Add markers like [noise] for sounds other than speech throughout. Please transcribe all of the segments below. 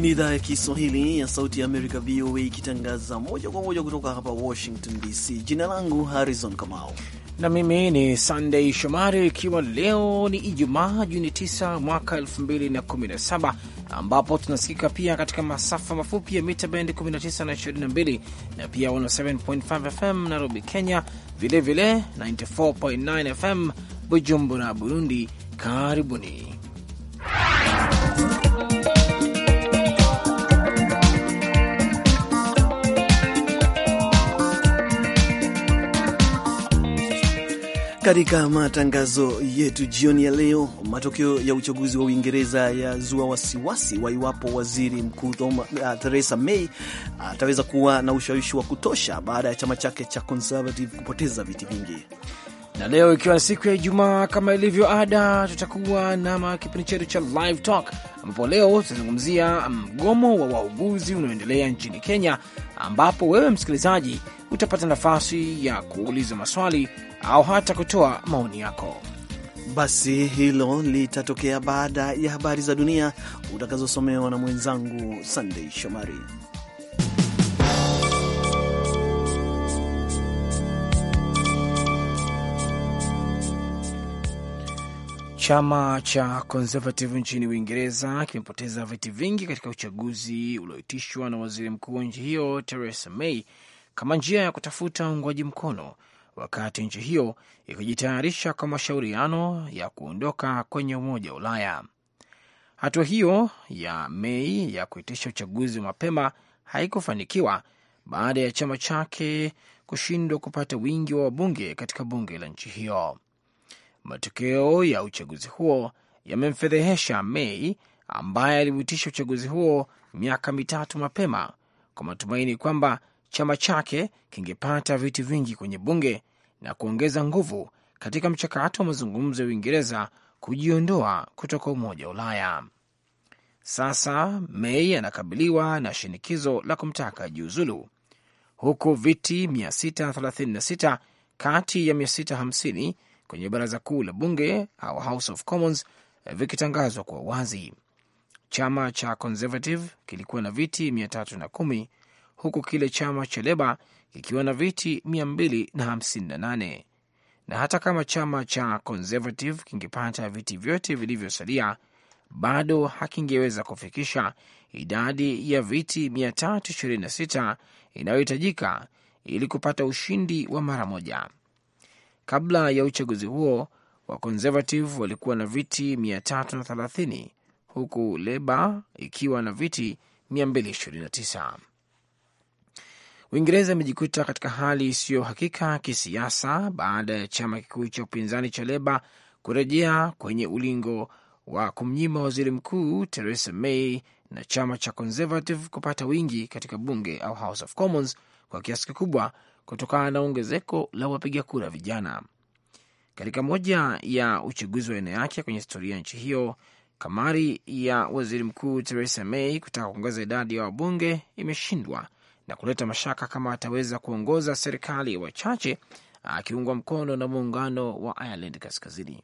Hii ni idhaa ya Kiswahili ya Sauti ya Amerika, VOA, ikitangaza moja kwa moja kutoka hapa Washington DC. Jina langu Harrison Kamau na mimi ni sandey Shomari, ikiwa leo ni Ijumaa Juni 9 mwaka 2017, ambapo tunasikika pia katika masafa mafupi ya mita bendi 19 na 22 na pia 107.5 FM Nairobi, Kenya, vilevile 94.9 FM Bujumbura, Burundi. Karibuni Katika matangazo yetu jioni ya leo, matokeo ya uchaguzi wa Uingereza yazua wasiwasi wa iwapo waziri mkuu uh, Theresa May ataweza uh, kuwa na ushawishi wa kutosha baada ya chama chake cha Conservative kupoteza viti vingi na leo ikiwa ni siku ya Ijumaa, kama ilivyo ada, tutakuwa na kipindi chetu cha Live Talk ambapo leo tutazungumzia mgomo wa wauguzi unaoendelea nchini Kenya, ambapo wewe msikilizaji utapata nafasi ya kuuliza maswali au hata kutoa maoni yako. Basi hilo litatokea baada ya habari za dunia utakazosomewa na mwenzangu Sandei Shomari. Chama cha Conservative nchini Uingereza kimepoteza viti vingi katika uchaguzi ulioitishwa na waziri mkuu wa nchi hiyo Theresa May kama njia ya kutafuta uungwaji mkono, wakati nchi hiyo ikijitayarisha kwa mashauriano ya kuondoka kwenye Umoja wa Ulaya. Hatua hiyo ya May ya kuitisha uchaguzi wa mapema haikufanikiwa baada ya chama chake kushindwa kupata wingi wa wabunge katika bunge la nchi hiyo matokeo ya uchaguzi huo yamemfedhehesha Mei ambaye aliwitisha uchaguzi huo miaka mitatu mapema kwa matumaini kwamba chama chake kingepata viti vingi kwenye bunge na kuongeza nguvu katika mchakato wa mazungumzo ya Uingereza kujiondoa kutoka Umoja wa Ulaya. Sasa Mei anakabiliwa na shinikizo la kumtaka jiuzulu huku viti 636 kati ya 650 kwenye baraza kuu la bunge au House of Commons eh, vikitangazwa kwa wazi. Chama cha Conservative kilikuwa na viti 310 huku kile chama cha Leba kikiwa na viti 258 na hata kama chama cha Conservative kingepata viti vyote vilivyosalia bado hakingeweza kufikisha idadi ya viti 326 inayohitajika ili kupata ushindi wa mara moja. Kabla ya uchaguzi huo wa Conservative walikuwa na viti 330 huku Leba ikiwa na viti 229. Uingereza imejikuta katika hali isiyo hakika kisiasa baada ya chama kikuu cha upinzani cha Leba kurejea kwenye ulingo wa kumnyima waziri mkuu Theresa May na chama cha Conservative kupata wingi katika bunge au House of Commons kwa kiasi kikubwa kutokana na ongezeko la wapiga kura vijana. Katika moja ya uchaguzi wa aina yake kwenye historia ya nchi hiyo, kamari ya waziri mkuu Theresa May kutaka kuongeza idadi ya wabunge imeshindwa na kuleta mashaka kama ataweza kuongoza serikali ya wa wachache akiungwa mkono na muungano wa Ireland Kaskazini.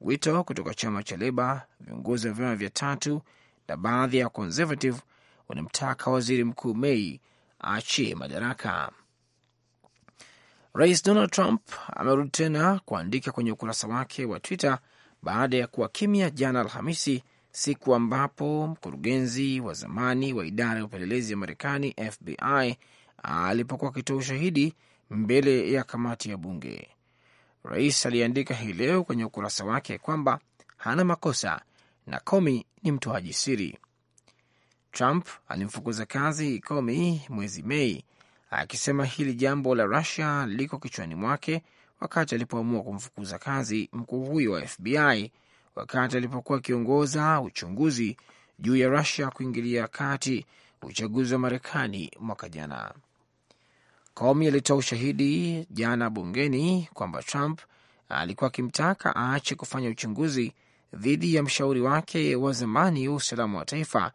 Wito kutoka chama cha Leba, viongozi wa vyama vya tatu na baadhi ya Conservative wanamtaka waziri mkuu May aachie madaraka. Rais Donald Trump amerudi tena kuandika kwenye ukurasa wake wa Twitter baada ya kuwa kimya jana Alhamisi, siku ambapo mkurugenzi wa zamani wa idara ya upelelezi ya Marekani FBI alipokuwa akitoa ushahidi mbele ya kamati ya bunge. Rais aliandika hii leo kwenye ukurasa wake kwamba hana makosa na Comey ni mtoaji siri. Trump alimfukuza kazi Comey mwezi Mei akisema hili jambo la Rusia liko kichwani mwake wakati alipoamua kumfukuza kazi mkuu huyo wa FBI wakati alipokuwa akiongoza uchunguzi juu ya Rusia kuingilia kati uchaguzi wa Marekani mwaka jana. Comey alitoa ushahidi jana bungeni kwamba Trump alikuwa akimtaka aache kufanya uchunguzi dhidi ya mshauri wake wa zamani wa usalama wa taifa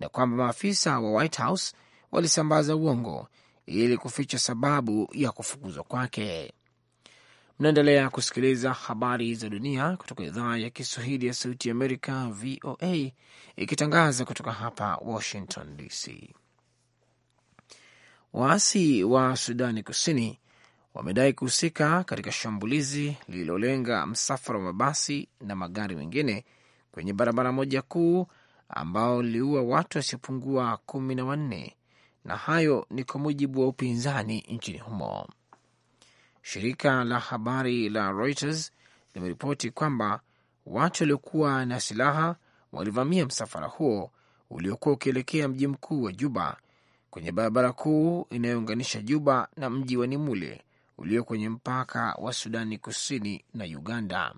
na kwamba maafisa wa White House walisambaza uongo ili kuficha sababu ya kufukuzwa kwake. Mnaendelea kusikiliza habari za dunia kutoka idhaa ya Kiswahili ya Sauti ya Amerika, VOA, ikitangaza kutoka hapa Washington DC. Waasi wa Sudani Kusini wamedai kuhusika katika shambulizi lililolenga msafara wa mabasi na magari mengine kwenye barabara moja kuu ambao liliua watu wasiopungua kumi na wanne na hayo ni kwa mujibu wa upinzani nchini humo. Shirika la habari la Reuters limeripoti kwamba watu waliokuwa na silaha walivamia msafara huo uliokuwa ukielekea mji mkuu wa Juba kwenye barabara kuu inayounganisha Juba na mji wa Nimule ulio kwenye mpaka wa Sudani Kusini na Uganda.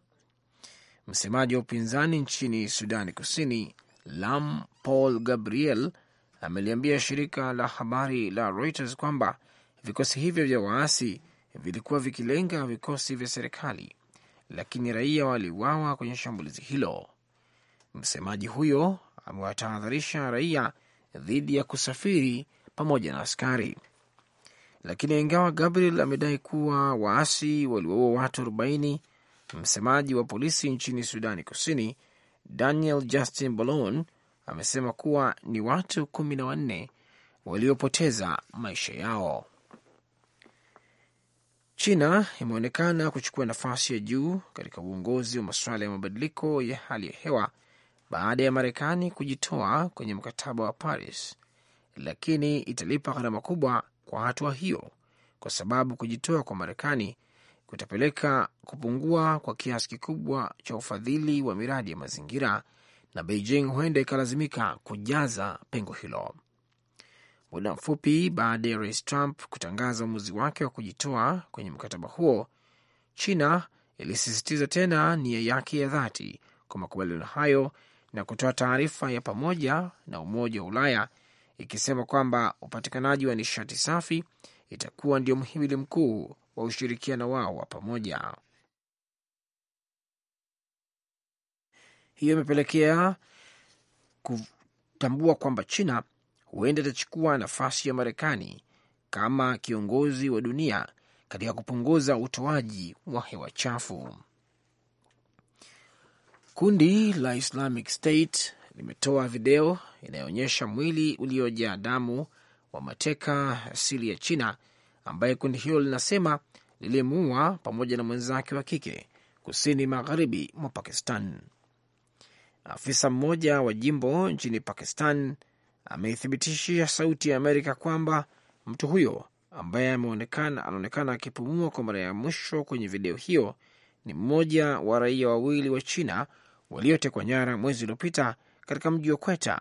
Msemaji wa upinzani nchini Sudani Kusini, Lam Paul Gabriel ameliambia shirika la habari la Reuters kwamba vikosi hivyo vya waasi vilikuwa vikilenga vikosi vya serikali, lakini raia waliuawa kwenye shambulizi hilo. Msemaji huyo amewatahadharisha raia dhidi ya kusafiri pamoja na askari. Lakini ingawa Gabriel amedai kuwa waasi waliwaua watu 40, msemaji wa polisi nchini Sudani Kusini Daniel Justin Bolon amesema kuwa ni watu kumi na wanne waliopoteza maisha yao. China imeonekana kuchukua nafasi ya juu katika uongozi wa masuala ya mabadiliko ya hali ya hewa baada ya Marekani kujitoa kwenye mkataba wa Paris, lakini italipa gharama kubwa kwa hatua hiyo, kwa sababu kujitoa kwa Marekani kutapeleka kupungua kwa kiasi kikubwa cha ufadhili wa miradi ya mazingira na Beijing huenda ikalazimika kujaza pengo hilo. Muda mfupi baada ya rais Trump kutangaza uamuzi wake wa kujitoa kwenye mkataba huo, China ilisisitiza tena nia yake ya dhati kwa makubaliano hayo na kutoa taarifa ya pamoja na Umoja wa Ulaya ikisema kwamba upatikanaji wa nishati safi itakuwa ndio mhimili mkuu wa ushirikiano wao wa pamoja. Hiyo imepelekea kutambua kwamba China huenda itachukua nafasi ya Marekani kama kiongozi wa dunia katika kupunguza utoaji wa hewa chafu. Kundi la Islamic State limetoa video inayoonyesha mwili uliojaa damu wa mateka asili ya China ambaye kundi hilo linasema lilimuua pamoja na mwenzake wa kike kusini magharibi mwa Pakistan. Afisa mmoja wa jimbo nchini Pakistan ameithibitishia Sauti ya Amerika kwamba mtu huyo ambaye anaonekana akipumua kwa mara ya mwisho kwenye video hiyo ni mmoja wa raia wawili wa China waliotekwa nyara mwezi uliopita katika mji wa Kweta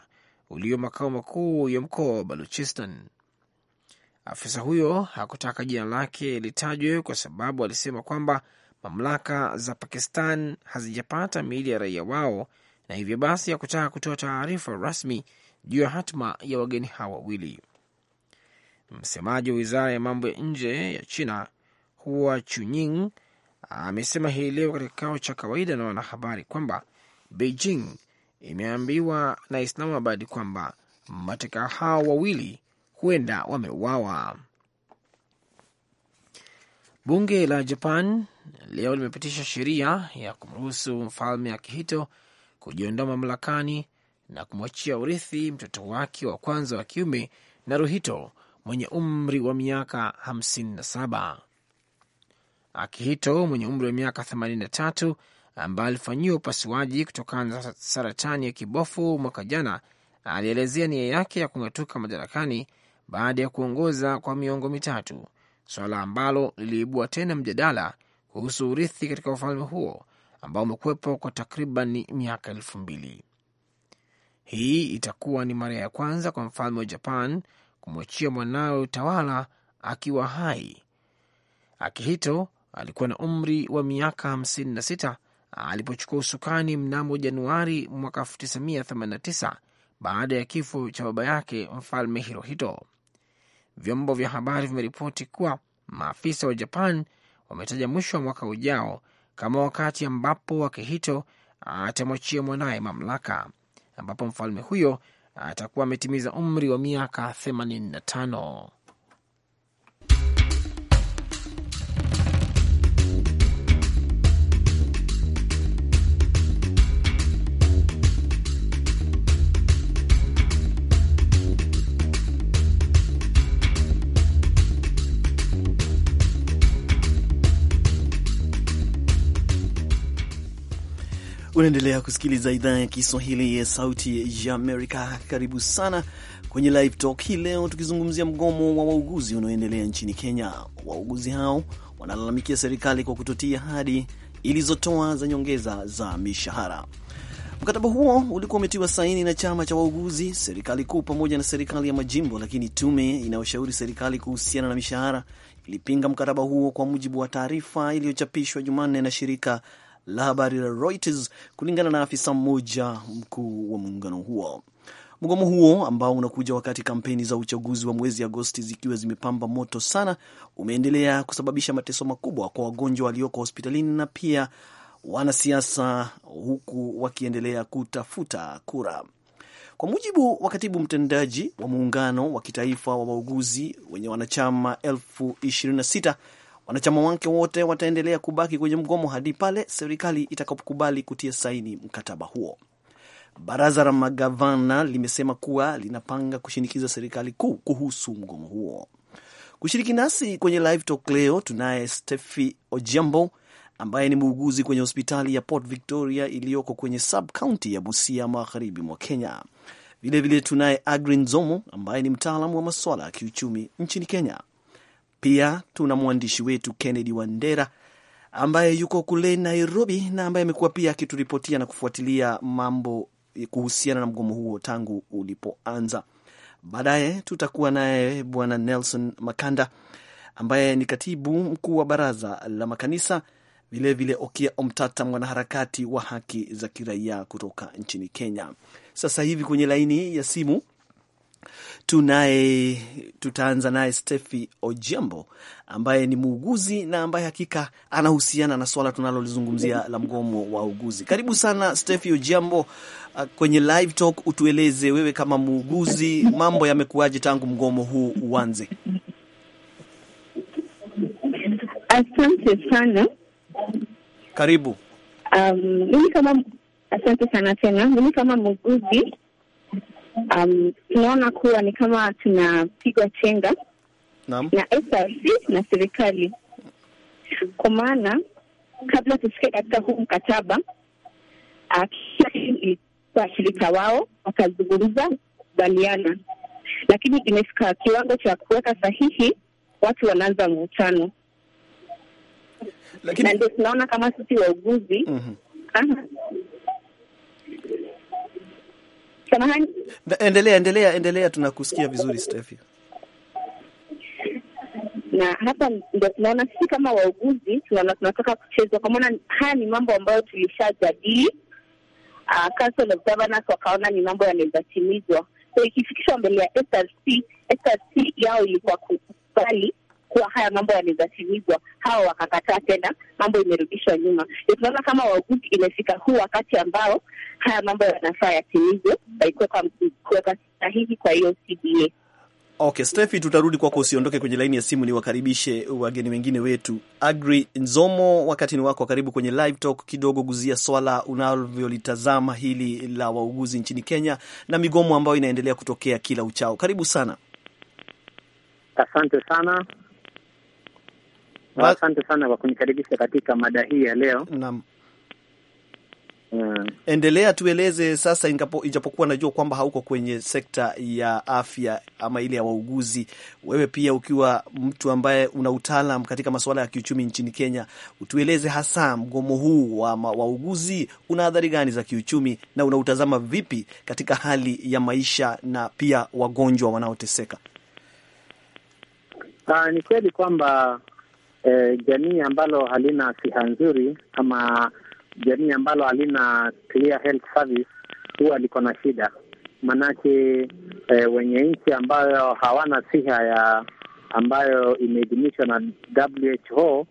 ulio makao makuu ya mkoa wa Baluchistan. Afisa huyo hakutaka jina lake litajwe kwa sababu alisema kwamba mamlaka za Pakistan hazijapata miili ya raia wao na hivyo basi hakutaka kutoa taarifa rasmi juu ya hatma ya wageni hao wawili. Msemaji wa wizara ya mambo ya nje ya China Hua Chunying amesema hii leo katika kikao cha kawaida na wanahabari kwamba Beijing imeambiwa na Islamabad kwamba mateka hao wawili huenda wameuawa. Bunge la Japan leo limepitisha sheria ya kumruhusu mfalme Akihito kujiondoa mamlakani na kumwachia urithi mtoto wake wa kwanza wa kiume Naruhito mwenye umri wa miaka 57. Akihito mwenye umri wa miaka 83 ambaye alifanyiwa upasuaji kutokana na saratani ya kibofu mwaka jana, alielezea nia yake ya kung'atuka madarakani baada ya kuongoza kwa miongo mitatu, suala ambalo liliibua tena mjadala kuhusu urithi katika ufalme huo ambao umekuwepo kwa takriban miaka elfu mbili. Hii itakuwa ni mara ya kwanza kwa mfalme wa Japan kumwachia mwanawe utawala akiwa hai. Akihito alikuwa na umri wa miaka 56 alipochukua usukani mnamo Januari mwaka 1989 baada ya kifo cha baba yake mfalme Hirohito. Vyombo vya habari vimeripoti kuwa maafisa wa Japan wametaja mwisho wa mwaka ujao kama wakati ambapo Akihito atamwachia mwanaye mamlaka, ambapo mfalme huyo atakuwa ametimiza umri wa miaka 85. Unaendelea kusikiliza idhaa ya Kiswahili ya Sauti ya Amerika. Karibu sana kwenye Live Talk hii leo, tukizungumzia mgomo wa wauguzi unaoendelea nchini Kenya. Wauguzi hao wanalalamikia serikali kwa kutotia ahadi ilizotoa za nyongeza za mishahara. Mkataba huo ulikuwa umetiwa saini na chama cha wauguzi, serikali kuu pamoja na serikali ya majimbo, lakini tume inayoshauri serikali kuhusiana na mishahara ilipinga mkataba huo, kwa mujibu wa taarifa iliyochapishwa Jumanne na shirika la habari la Reuters, kulingana na afisa mmoja mkuu wa muungano huo. Mgomo huo ambao unakuja wakati kampeni za uchaguzi wa mwezi Agosti zikiwa zimepamba moto sana, umeendelea kusababisha mateso makubwa kwa wagonjwa walioko hospitalini na pia wanasiasa, huku wakiendelea kutafuta kura. Kwa mujibu wa katibu mtendaji wa muungano wa kitaifa wa wauguzi wenye wanachama elfu 26 Wanachama wake wote wataendelea kubaki kwenye mgomo hadi pale serikali itakapokubali kutia saini mkataba huo. Baraza la magavana limesema kuwa linapanga kushinikiza serikali kuu kuhusu mgomo huo. Kushiriki nasi kwenye live talk leo tunaye Stefi Ojiambo ambaye ni muuguzi kwenye hospitali ya Port Victoria iliyoko kwenye sub county ya Busia, magharibi mwa Kenya. Vilevile tunaye Agrin Zomo ambaye ni mtaalamu wa masuala ya kiuchumi nchini Kenya. Pia tuna mwandishi wetu Kennedy Wandera ambaye yuko kule Nairobi na ambaye amekuwa pia akituripotia na kufuatilia mambo kuhusiana na mgomo huo tangu ulipoanza. Baadaye tutakuwa naye Bwana Nelson Makanda ambaye ni katibu mkuu wa baraza la makanisa, vilevile Okia Omtata, mwanaharakati wa haki za kiraia kutoka nchini Kenya. Sasa hivi kwenye laini ya simu tunaye, tutaanza naye Stefi Ojembo ambaye ni muuguzi na ambaye hakika anahusiana na swala tunalolizungumzia la mgomo wa uguzi. Karibu sana Stefi Ojembo uh, kwenye Live Talk, utueleze wewe kama muuguzi, mambo yamekuwaje tangu mgomo huu uanze? Asante sana, karibu. Um, mimi kama asante sana tena, mimi kama muuguzi um, tunaona kuwa ni kama tunapigwa chenga na SRC na serikali, kwa maana kabla tufike katika huu mkataba uh, washirika wao wakazungumza, kubaliana, lakini imefika kiwango cha kuweka sahihi, watu wanaanza mvutano lakini... na ndio tunaona kama sisi wauguzi mm -hmm. Samahani, endelea endelea endelea, tunakusikia vizuri Stefi. Na hapa ndio tunaona sisi kama wauguzi tunaona tunataka kuchezwa, kwa maana haya ni mambo ambayo tulishajadili. Uh, Council of Governors wakaona ni mambo yanaweza timizwa, so ikifikishwa mbele ya SRC, SRC yao ilikuwa kukubali kuwa haya mambo yanawezatimizwa, hawa wakakataa tena, mambo imerudishwa nyuma. tunaona kama wauguzi, imefika huu wakati ambao haya mambo yanafaa yatimizwe by kuweka sahihi kwa hiyo CBA. Okay, Stefi, tutarudi kwako, usiondoke kwenye laini ya simu, ni wakaribishe wageni wengine wetu. Agri Nzomo, wakati ni wako, karibu kwenye live talk, kidogo guzia swala unavyolitazama hili la wauguzi nchini Kenya na migomo ambayo inaendelea kutokea kila uchao. Karibu sana. Asante sana. Asante sana kwa kunikaribisha katika mada hii ya leo. Naam. Hmm. Endelea tueleze sasa, ijapokuwa najua kwamba hauko kwenye sekta ya afya ama ile ya wauguzi, wewe pia ukiwa mtu ambaye una utaalam katika masuala ya kiuchumi nchini Kenya, utueleze hasa mgomo huu wa wauguzi una adhari gani za kiuchumi na unautazama vipi katika hali ya maisha na pia wagonjwa wanaoteseka? Ah, ni kweli kwamba e, jamii ambalo halina siha nzuri ama jamii ambalo halina clear health service huwa liko na shida, maanake e, eh, wenye nchi ambayo hawana siha ya ambayo imeidhinishwa na WHO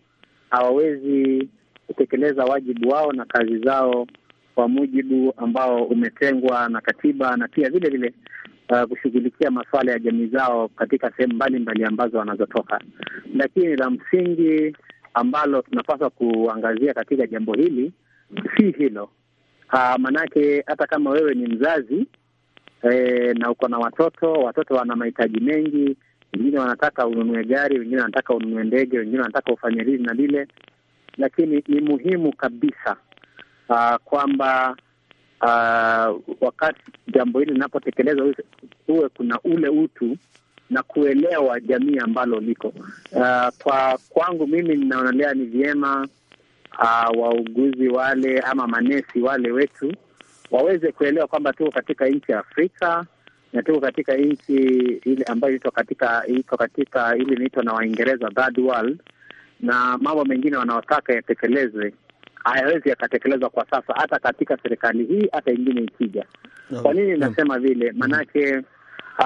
hawawezi kutekeleza wajibu wao na kazi zao kwa mujibu ambao umetengwa na katiba na pia vile vile uh, kushughulikia masuala ya jamii zao katika sehemu mbalimbali ambazo wanazotoka. Lakini la msingi ambalo tunapaswa kuangazia katika jambo hili si hilo. Uh, maanake hata kama wewe ni mzazi eh, na uko na watoto, watoto wana mahitaji mengi wengine wanataka ununue gari, wengine wanataka ununue ndege, wengine wanataka ufanye lili na lile, lakini ni muhimu kabisa uh, kwamba uh, wakati jambo hili linapotekelezwa huwe kuna ule utu na kuelewa jamii ambalo liko. Uh, kwa kwangu mimi ninaonelea ni vyema uh, wauguzi wale ama manesi wale wetu waweze kuelewa kwamba tuko katika nchi ya Afrika na tuko katika nchi ile ambayo iko katika iko katika ile inaitwa na Waingereza third world, na mambo mengine wanaotaka yatekelezwe hayawezi yakatekelezwa kwa sasa, hata katika serikali hii, hata ingine ikija. Kwa nini nasema vile? Maanake uh,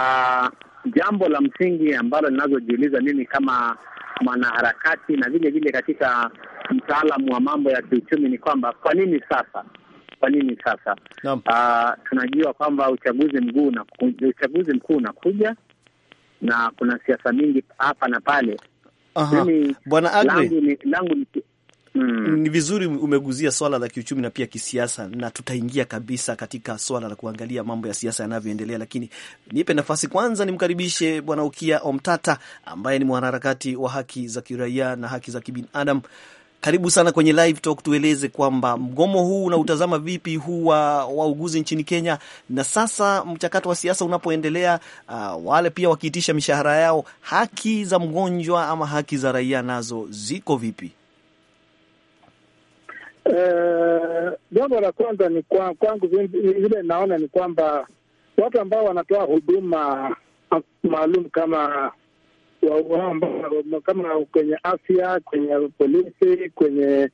ah, jambo la msingi ambalo linazojiuliza mimi kama mwanaharakati na vile vile katika mtaalamu wa mambo ya kiuchumi ni kwamba kwa nini sasa? Kwa nini sasa? Uh, tunajua kwamba uchaguzi mkuu na uchaguzi mkuu unakuja na kuna siasa mingi hapa na pale. Aha. Mimi, Bwana Agri, langu ni, langu ni, Mm. Ni vizuri umeguzia swala la kiuchumi na pia kisiasa, na tutaingia kabisa katika swala la kuangalia mambo ya siasa yanavyoendelea, lakini nipe nafasi kwanza nimkaribishe Bwana Ukia Omtata ambaye ni mwanaharakati wa haki za kiraia na haki za kibinadamu. Karibu sana kwenye Live Talk, tueleze kwamba mgomo huu unautazama vipi huu wa wauguzi nchini Kenya, na sasa mchakato wa siasa unapoendelea, uh, wale pia wakiitisha mishahara yao, haki za mgonjwa ama haki za raia nazo ziko vipi? Eh, jambo la kwanza ni kwa, kwangu vile naona ni kwamba watu ambao wanatoa huduma maalum kama kama kwenye afya, kwenye polisi, kwenye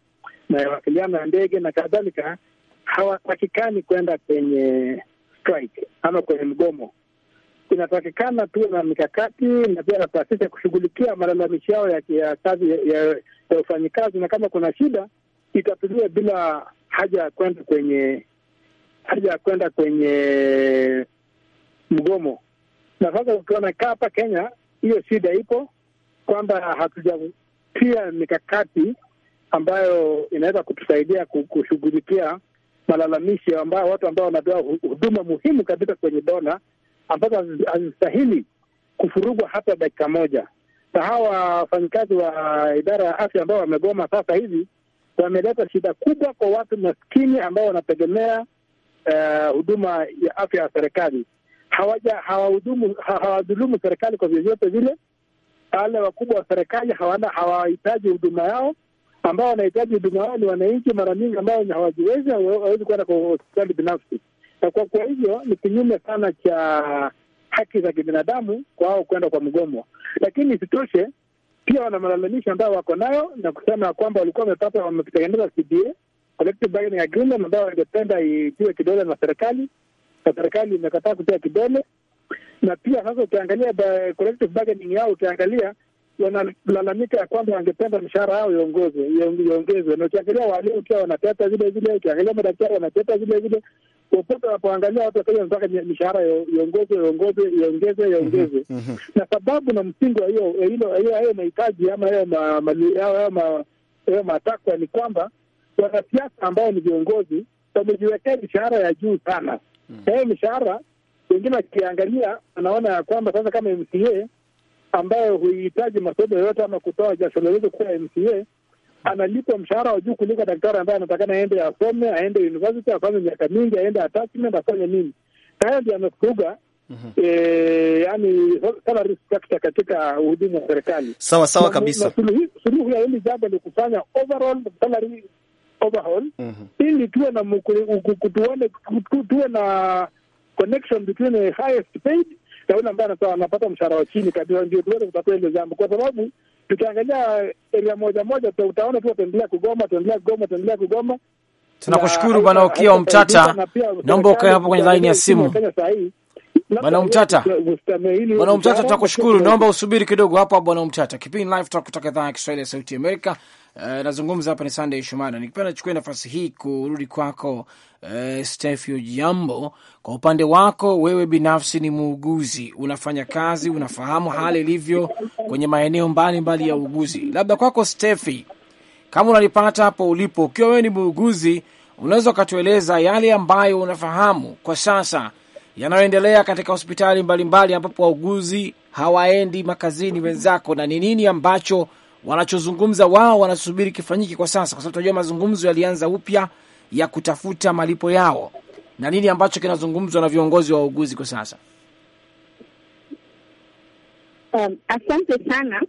mawasiliano ya ndege na kadhalika, hawatakikani kwenda kwenye strike ama kwenye mgomo. Inatakikana tuwe na mikakati na pia na taasisi ya kushughulikia malalamishi yao ya, ya, ya, ya, ya ufanyikazi, na kama kuna shida itatuliwe bila haja ya kwenda kwenye haja ya kwenda kwenye mgomo. Na sasa ukiona kaa hapa Kenya, hiyo shida ipo kwamba hatujatia mikakati ambayo inaweza kutusaidia kushughulikia malalamishi ambayo watu ambao wanapewa huduma muhimu kabisa kwenye dola ambazo hazistahili kufurugwa hata dakika moja. Na hawa wafanyikazi wa idara ya afya ambao wamegoma sasa hivi wameleta shida kubwa kwa watu maskini ambao wanategemea eh, huduma uh, ya afya ya serikali. Hawahudumu, hawadhulumu serikali kwa vyovyote vile. Wale wakubwa wa serikali hawahitaji huduma yao. Ambao wanahitaji huduma yao ni wananchi, mara nyingi ambao hawajiwezi, hawawezi kuenda kwa hospitali binafsi, na kwa kwa hivyo ni kinyume sana cha haki za kibinadamu kwao kwenda kwa mgomo, lakini isitoshe pia wana malalamisho ambayo wako nayo na kusema ya kwamba walikuwa wamepata wametengeneza CBA, collective bargaining agreement, ambayo wangependa itiwe kidole na serikali, na serikali imekataa kutia kidole. Na pia sasa ukiangalia collective bargaining yao, ukiangalia wanalalamika ya kwamba wangependa mishahara yao iongezwe iongezwe, na ukiangalia walimu pia wanateta vile vile, ukiangalia madaktari wanateta vile vile, popote wanapoangalia watu wakaja wanataka mishahara iongezwe iongezwe iongezwe iongezwe, mm-hmm, mm-hmm. na sababu na msingi wa hiyo eh, hayo mahitaji ama hayo matakwa ni kwamba wanasiasa ambao ni viongozi wamejiwekea mishahara ya juu sana, na mm. hiyo mishahara wengine wakiangalia wanaona ya kwamba sasa kama MCA ambayo huihitaji masomo yoyote ama kutoa jasho lolote kuwa MCA analipwa mshahara wa juu kuliko daktari ambaye anatakana aende asome, aende university, afanye miaka mingi, aende attachment, afanye nini. Na ndio yamevuruga mhm. eh, yani salary structure katika uhudumu wa serikali. Sawa sawa kabisa. Suluhu ya hili jambo ni kufanya overall salary overhaul, mhm. ili tuwe na tuwe na connection between highest paid na yule ambaye anapata mshahara wa chini kabisa, ndio tuweze kutatua hilo jambo, kwa sababu tukiangalia eria moja moja utaona tu wataendelea kugoma, wataendelea kugoma, wataendelea kugoma. Tunakushukuru Bwana Okia Omtata, naomba ukae hapo kwenye laini ya simu. Bwana Umtata, Bwana Umtata, tunakushukuru, naomba usubiri kidogo hapo. Bwana Umtata, kipindi Live Talk kutoka idhaa ya Kiswahili ya Sauti Amerika. Uh, nazungumza hapa ni Sunday Shumana. Nikipenda chukue nafasi hii kurudi kwako, uh, eh, Stefio Jambo, kwa upande wako wewe binafsi ni muuguzi, unafanya kazi, unafahamu hali ilivyo kwenye maeneo mbalimbali ya uuguzi. Labda kwako Stefi, kama unalipata hapo ulipo, ukiwa wewe ni muuguzi, unaweza ukatueleza yale ambayo unafahamu kwa sasa yanayoendelea katika hospitali mbalimbali ambapo wauguzi hawaendi makazini wenzako, na ni nini ambacho wanachozungumza wao wanasubiri kifanyike kwa sasa, kwa sababu tunajua mazungumzo yalianza upya ya kutafuta malipo yao, na nini ambacho kinazungumzwa na viongozi wa wauguzi kwa sasa? Um, asante sana.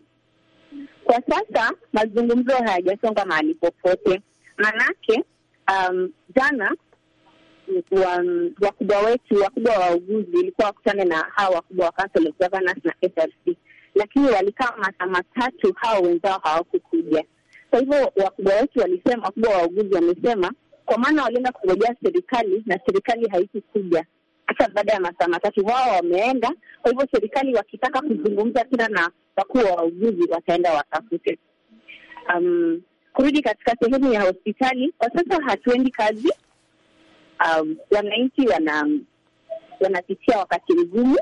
Kwa sasa mazungumzo hayajasonga mahali popote, manake um, jana um, wakubwa wetu, wakubwa wa wauguzi ilikuwa wakutane na hawa wakubwa wa Council of Governors na SRC lakini walikaa masaa matatu, hao wenzao hawakukuja. Kwa hivyo wakubwa wetu walisema, wakubwa wa wauguzi wamesema, kwa maana walienda kungojea serikali na serikali haikukuja hata baada ya masaa matatu wao wameenda. Kwa hivyo serikali wakitaka kuzungumza tena na wakuu wa wauguzi wataenda watafute. Um, kurudi katika sehemu ya hospitali, kwa sasa hatuendi kazi. Um, wananchi wana wanapitia wakati mgumu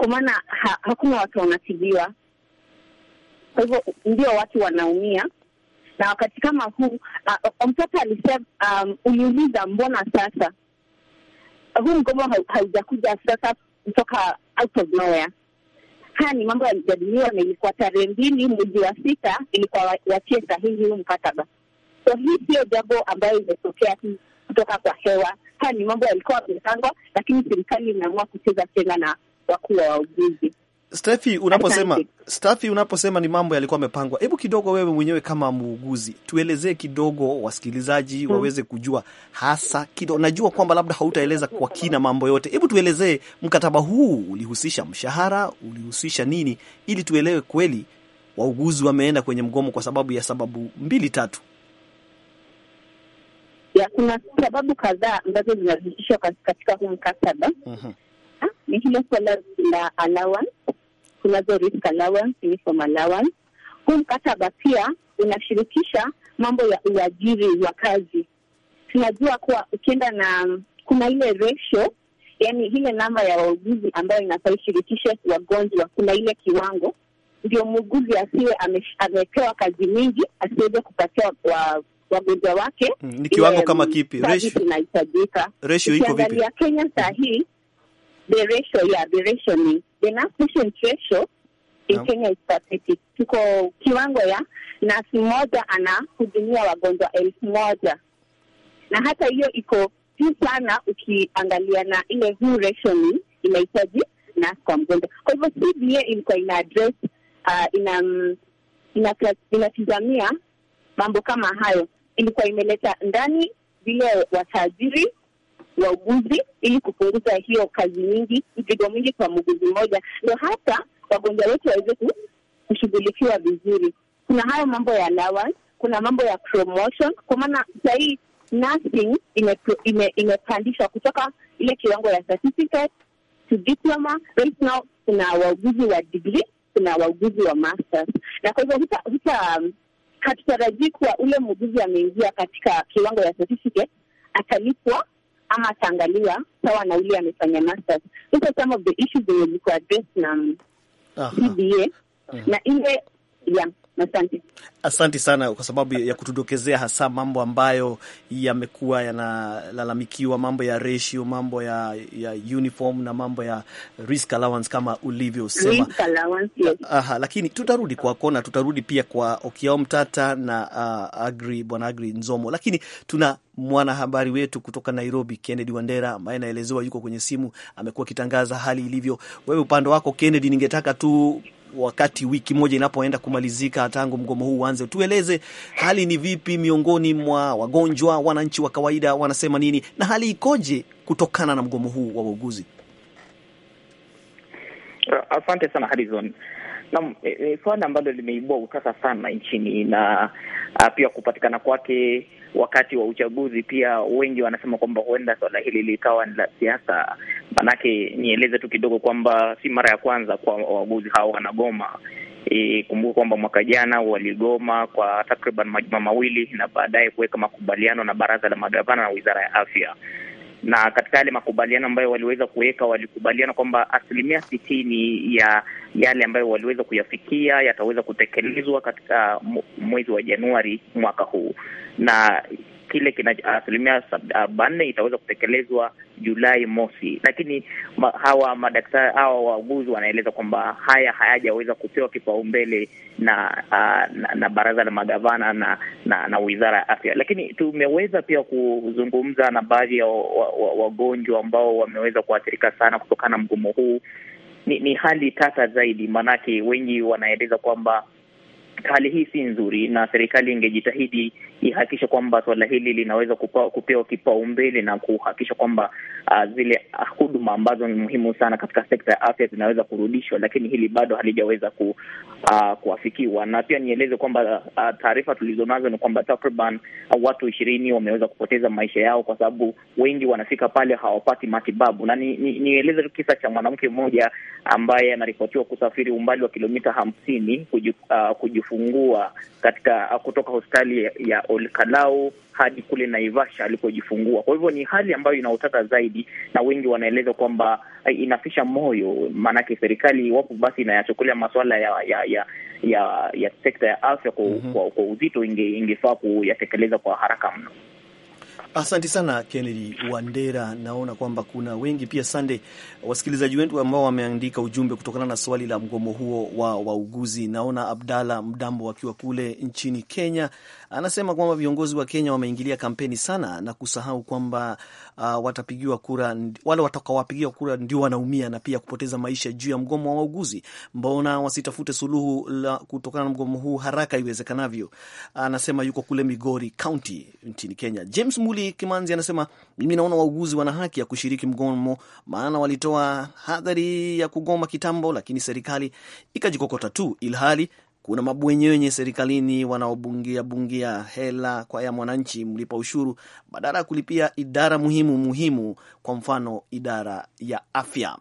kwa maana ha, hakuna watu wanatibiwa, kwa hivyo ndio watu wanaumia. Na wakati kama huu uh, mtoto alisema um, uliuliza mbona sasa huu mgomo haujakuja sasa kutoka out of nowhere. Haya ni mambo yalijadiliwa, na ilikuwa tarehe mbili mwezi wa sita ilikuwa watie sahihi huu mkataba. So hii siyo jambo ambayo imetokea tu kutoka kwa hewa. Haya ni mambo yalikuwa yamepangwa, lakini serikali imeamua kucheza tena na wakuu wa wauguzi. Steffi, unaposema Steffi, unaposema ni mambo yalikuwa amepangwa hebu kidogo wewe mwenyewe kama muuguzi tuelezee kidogo, wasikilizaji hmm, waweze kujua hasa kidogo. Najua kwamba labda hautaeleza kwa kina mambo yote, hebu tuelezee mkataba huu ulihusisha mshahara, ulihusisha nini, ili tuelewe kweli wauguzi wameenda kwenye mgomo kwa sababu ya sababu mbili tatu. Ya, kuna sababu kadhaa ambazo zinazihusishwa katika huu mkataba. uh mhm. -huh ni hilo suala la allowance, kunazo risk allowance, uniform allowance. Huu mkataba pia unashirikisha mambo ya uajiri wa kazi. Tunajua kuwa ukienda na kuna ile ratio, yani ile namba ya wauguzi ambayo inafaa ishirikishe wagonjwa, kuna ile kiwango ndio muuguzi asiwe amepewa kazi mingi asiweze kupatia wa, wagonjwa wake. Hmm, ni kiwango kama kipi? Ratio inahitajika. Ratio iko vipi? Kenya saa hii The ratio, yeah, the The nutrition ratio in Kenya is pathetic. Tuko kiwango ya nasi moja anahudumia wagonjwa elfu moja na hata hiyo iko juu sana, ukiangalia na ile WHO rationing inahitaji nasi kwa mgonjwa. Kwa hivyo CBA ilikuwa ina address uh, ina mm, inatizamia mambo kama hayo, ilikuwa imeleta ndani vile wataajiri wauguzi, ili kupunguza hiyo kazi nyingi, mpigo mwingi kwa muuguzi mmoja, ndo hata wagonjwa wetu waweze kushughulikiwa vizuri. Kuna hayo mambo ya allowance, kuna mambo ya promotion, kwa maana sahii nursing imepandishwa kutoka ile kiwango ya certificate to diploma. Right now kuna wauguzi wa degree, kuna wauguzi wa masters, na kwa hivyo huta, huta um, hatutarajii kuwa ule muuguzi ameingia katika kiwango ya certificate atalipwa ama ataangalia sawa na yule amefanya masters. These are some of the issues zenye ziko addressed na CBA na ile yeah. Asante, asante sana kwa sababu ya kutudokezea hasa mambo ambayo yamekuwa yanalalamikiwa, mambo ya ratio, mambo ya, ya uniform na mambo ya risk allowance kama ulivyosema. Yes. Aha, lakini tutarudi kwako na tutarudi pia kwa Okiao Mtata na uh, Agri Bwana Agri Nzomo, lakini tuna mwanahabari wetu kutoka Nairobi Kennedy Wandera ambaye anaelezewa yuko kwenye simu, amekuwa akitangaza hali ilivyo. Wewe upande wako Kennedy, ningetaka tu wakati wiki moja inapoenda kumalizika tangu mgomo huu uanze, tueleze hali ni vipi miongoni mwa wagonjwa, wananchi wa kawaida wanasema nini na hali ikoje kutokana na mgomo huu wa wauguzi? Uh, asante sana harizon Naam, e, e, swala ambalo limeibua utata sana nchini na uh, pia kupatikana kwake wakati wa uchaguzi. Pia wengi wanasema kwamba huenda swala hili likawa ni la siasa. manake nieleze tu kidogo kwamba si mara ya kwanza kwa wauguzi hao wanagoma. E, kumbuka kwamba mwaka jana waligoma kwa takriban majuma mawili na baadaye kuweka makubaliano na baraza la magavana na wizara ya afya na katika yale makubaliano ambayo waliweza kuweka walikubaliana kwamba asilimia sitini ya yale ambayo waliweza kuyafikia yataweza kutekelezwa katika mwezi wa Januari mwaka huu na kile kina ah, asilimia arobaini ah, itaweza kutekelezwa Julai mosi, lakini ma, hawa madaktari hawa wauguzi wanaeleza kwamba haya hayajaweza kupewa kipaumbele na, uh, na na baraza la magavana na na, na wizara ya afya, lakini tumeweza pia kuzungumza na baadhi ya wagonjwa wa, wa ambao wameweza kuathirika sana kutokana na mgomo huu. Ni, ni hali tata zaidi, maanake wengi wanaeleza kwamba hali hii si nzuri na serikali ingejitahidi ihakikishe kwamba suala hili linaweza kupewa kipaumbele na kuhakikisha kwamba uh, zile ah, huduma ambazo ni muhimu sana katika sekta ya afya zinaweza kurudishwa, lakini hili bado halijaweza ku, uh, kuafikiwa. Na pia nieleze kwamba uh, taarifa tulizonazo ni kwamba takriban uh, watu ishirini wameweza kupoteza maisha yao kwa sababu wengi wanafika pale hawapati matibabu. Na nieleze ni, ni kisa cha mwanamke mmoja ambaye anaripotiwa kusafiri umbali wa kilomita hamsini kuju, uh, kujifungua katika uh, kutoka hospitali ya Olkalau hadi kule Naivasha alikojifungua. Kwa hivyo ni hali ambayo inaotaka zaidi, na wengi wanaeleza kwamba eh, inafisha moyo, maanake serikali iwapo basi inayachukulia masuala ya ya ya ya, ya sekta ya afya kwa, mm -hmm. kwa, kwa uzito, inge, ingefaa kuyatekeleza kwa haraka mno. Asante sana Kennedy Wandera. Naona kwamba kuna wengi pia sande wasikilizaji wetu ambao wameandika ujumbe kutokana na swali la mgomo huo wa wauguzi. Naona Abdala Mdambo akiwa kule nchini Kenya Anasema kwamba viongozi wa Kenya wameingilia kampeni sana na kusahau kwamba uh, watapigiwa kura, wale watakawapigiwa kura ndio wanaumia na pia kupoteza maisha juu ya mgomo wa wauguzi. Mbona wasitafute suluhu la kutokana na mgomo huu haraka iwezekanavyo? Anasema yuko kule Migori County nchini Kenya. James Muli Kimanzi anasema mimi naona wauguzi wana haki ya kushiriki mgomo, maana walitoa hadhari ya kugoma kitambo, lakini serikali ikajikokota tu, ilhali kuna wenye serikalini wanaobungia bungia hela kwa ya mwananchi mlipa ushuru badala ya kulipia idara muhimu muhimu, kwa mfano idara ya afya.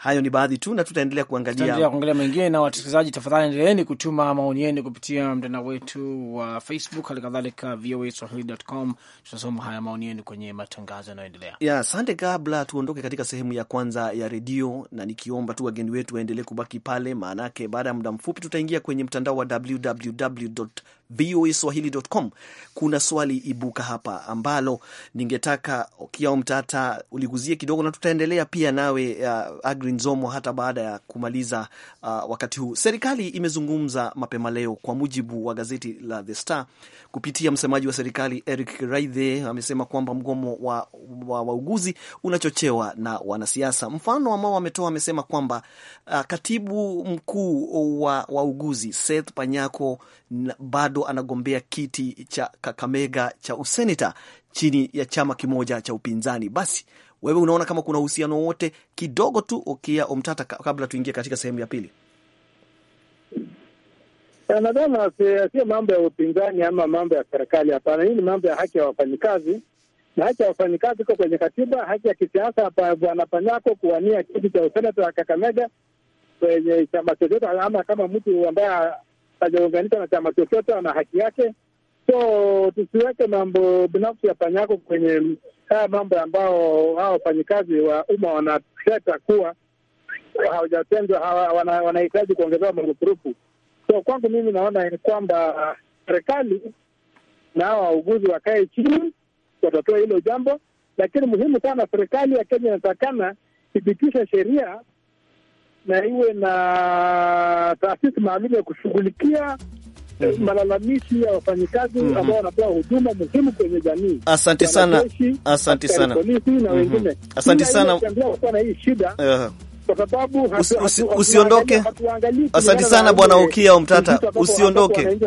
Hayo ni baadhi tu na tutaendelea kuangalia kuangalia mengine. Na wasikilizaji, tafadhali endeleeni kutuma maoni yenu kupitia mtandao wetu wa Facebook, hali kadhalika Swahili.com. Tutasoma haya maoni yenu kwenye matangazo yanayoendelea. Asante yeah. Kabla tuondoke katika sehemu ya kwanza ya redio, na nikiomba tu wageni wetu waendelee kubaki pale, maanake baada ya muda mfupi tutaingia kwenye mtandao wa www voaswahili.com. Kuna swali ibuka hapa ambalo ningetaka Okiao Mtata uliguzie kidogo, na tutaendelea pia nawe uh, Agri Nzomo hata baada ya kumaliza uh, wakati huu. Serikali imezungumza mapema leo, kwa mujibu wa gazeti la The Star kupitia msemaji wa serikali Eric Raithe amesema kwamba mgomo wa wauguzi wa unachochewa na wanasiasa. Mfano ambao ametoa amesema kwamba uh, katibu mkuu wa wauguzi Seth Panyako bado bado anagombea kiti cha Kakamega cha useneta chini ya chama kimoja cha upinzani. Basi wewe unaona kama kuna uhusiano wowote kidogo tu, ukia Omtata, kabla tuingie katika sehemu ya pili? Eh, nadhani sio mambo ya upinzani ama mambo ya serikali, hapana. Hii ni mambo ya haki ya wafanyikazi, na haki ya wafanyikazi iko kwenye katiba. Haki ya kisiasa Bwana Panyako kuwania kiti cha useneta wa Kakamega kwenye chama chochote ama kama mtu ambaye hajaunganika na chama chochote, ana haki yake. So tusiweke mambo binafsi ya Panyako kwenye haya mambo ambao hawa wafanyikazi wa umma wanateta kuwa hawajatendwa, wanahitaji kuongezewa marupurupu. So kwangu mimi naona ni kwamba serikali na hawa wauguzi wakae chini, watatoa hilo jambo, lakini muhimu sana, serikali ya Kenya inatakana thibitisha sheria na iwe na taasisi maalum ya kushughulikia eh, mhm. malalamishi ya wafanyikazi mhm. ambao wanapewa huduma muhimu kwenye jamii. Asante sana, asante sana polisi na mhm. wengine. Asante sana na hii shida uh-huh. usiondoke. Asante sana Bwana Ukia Omtata, usiondoke,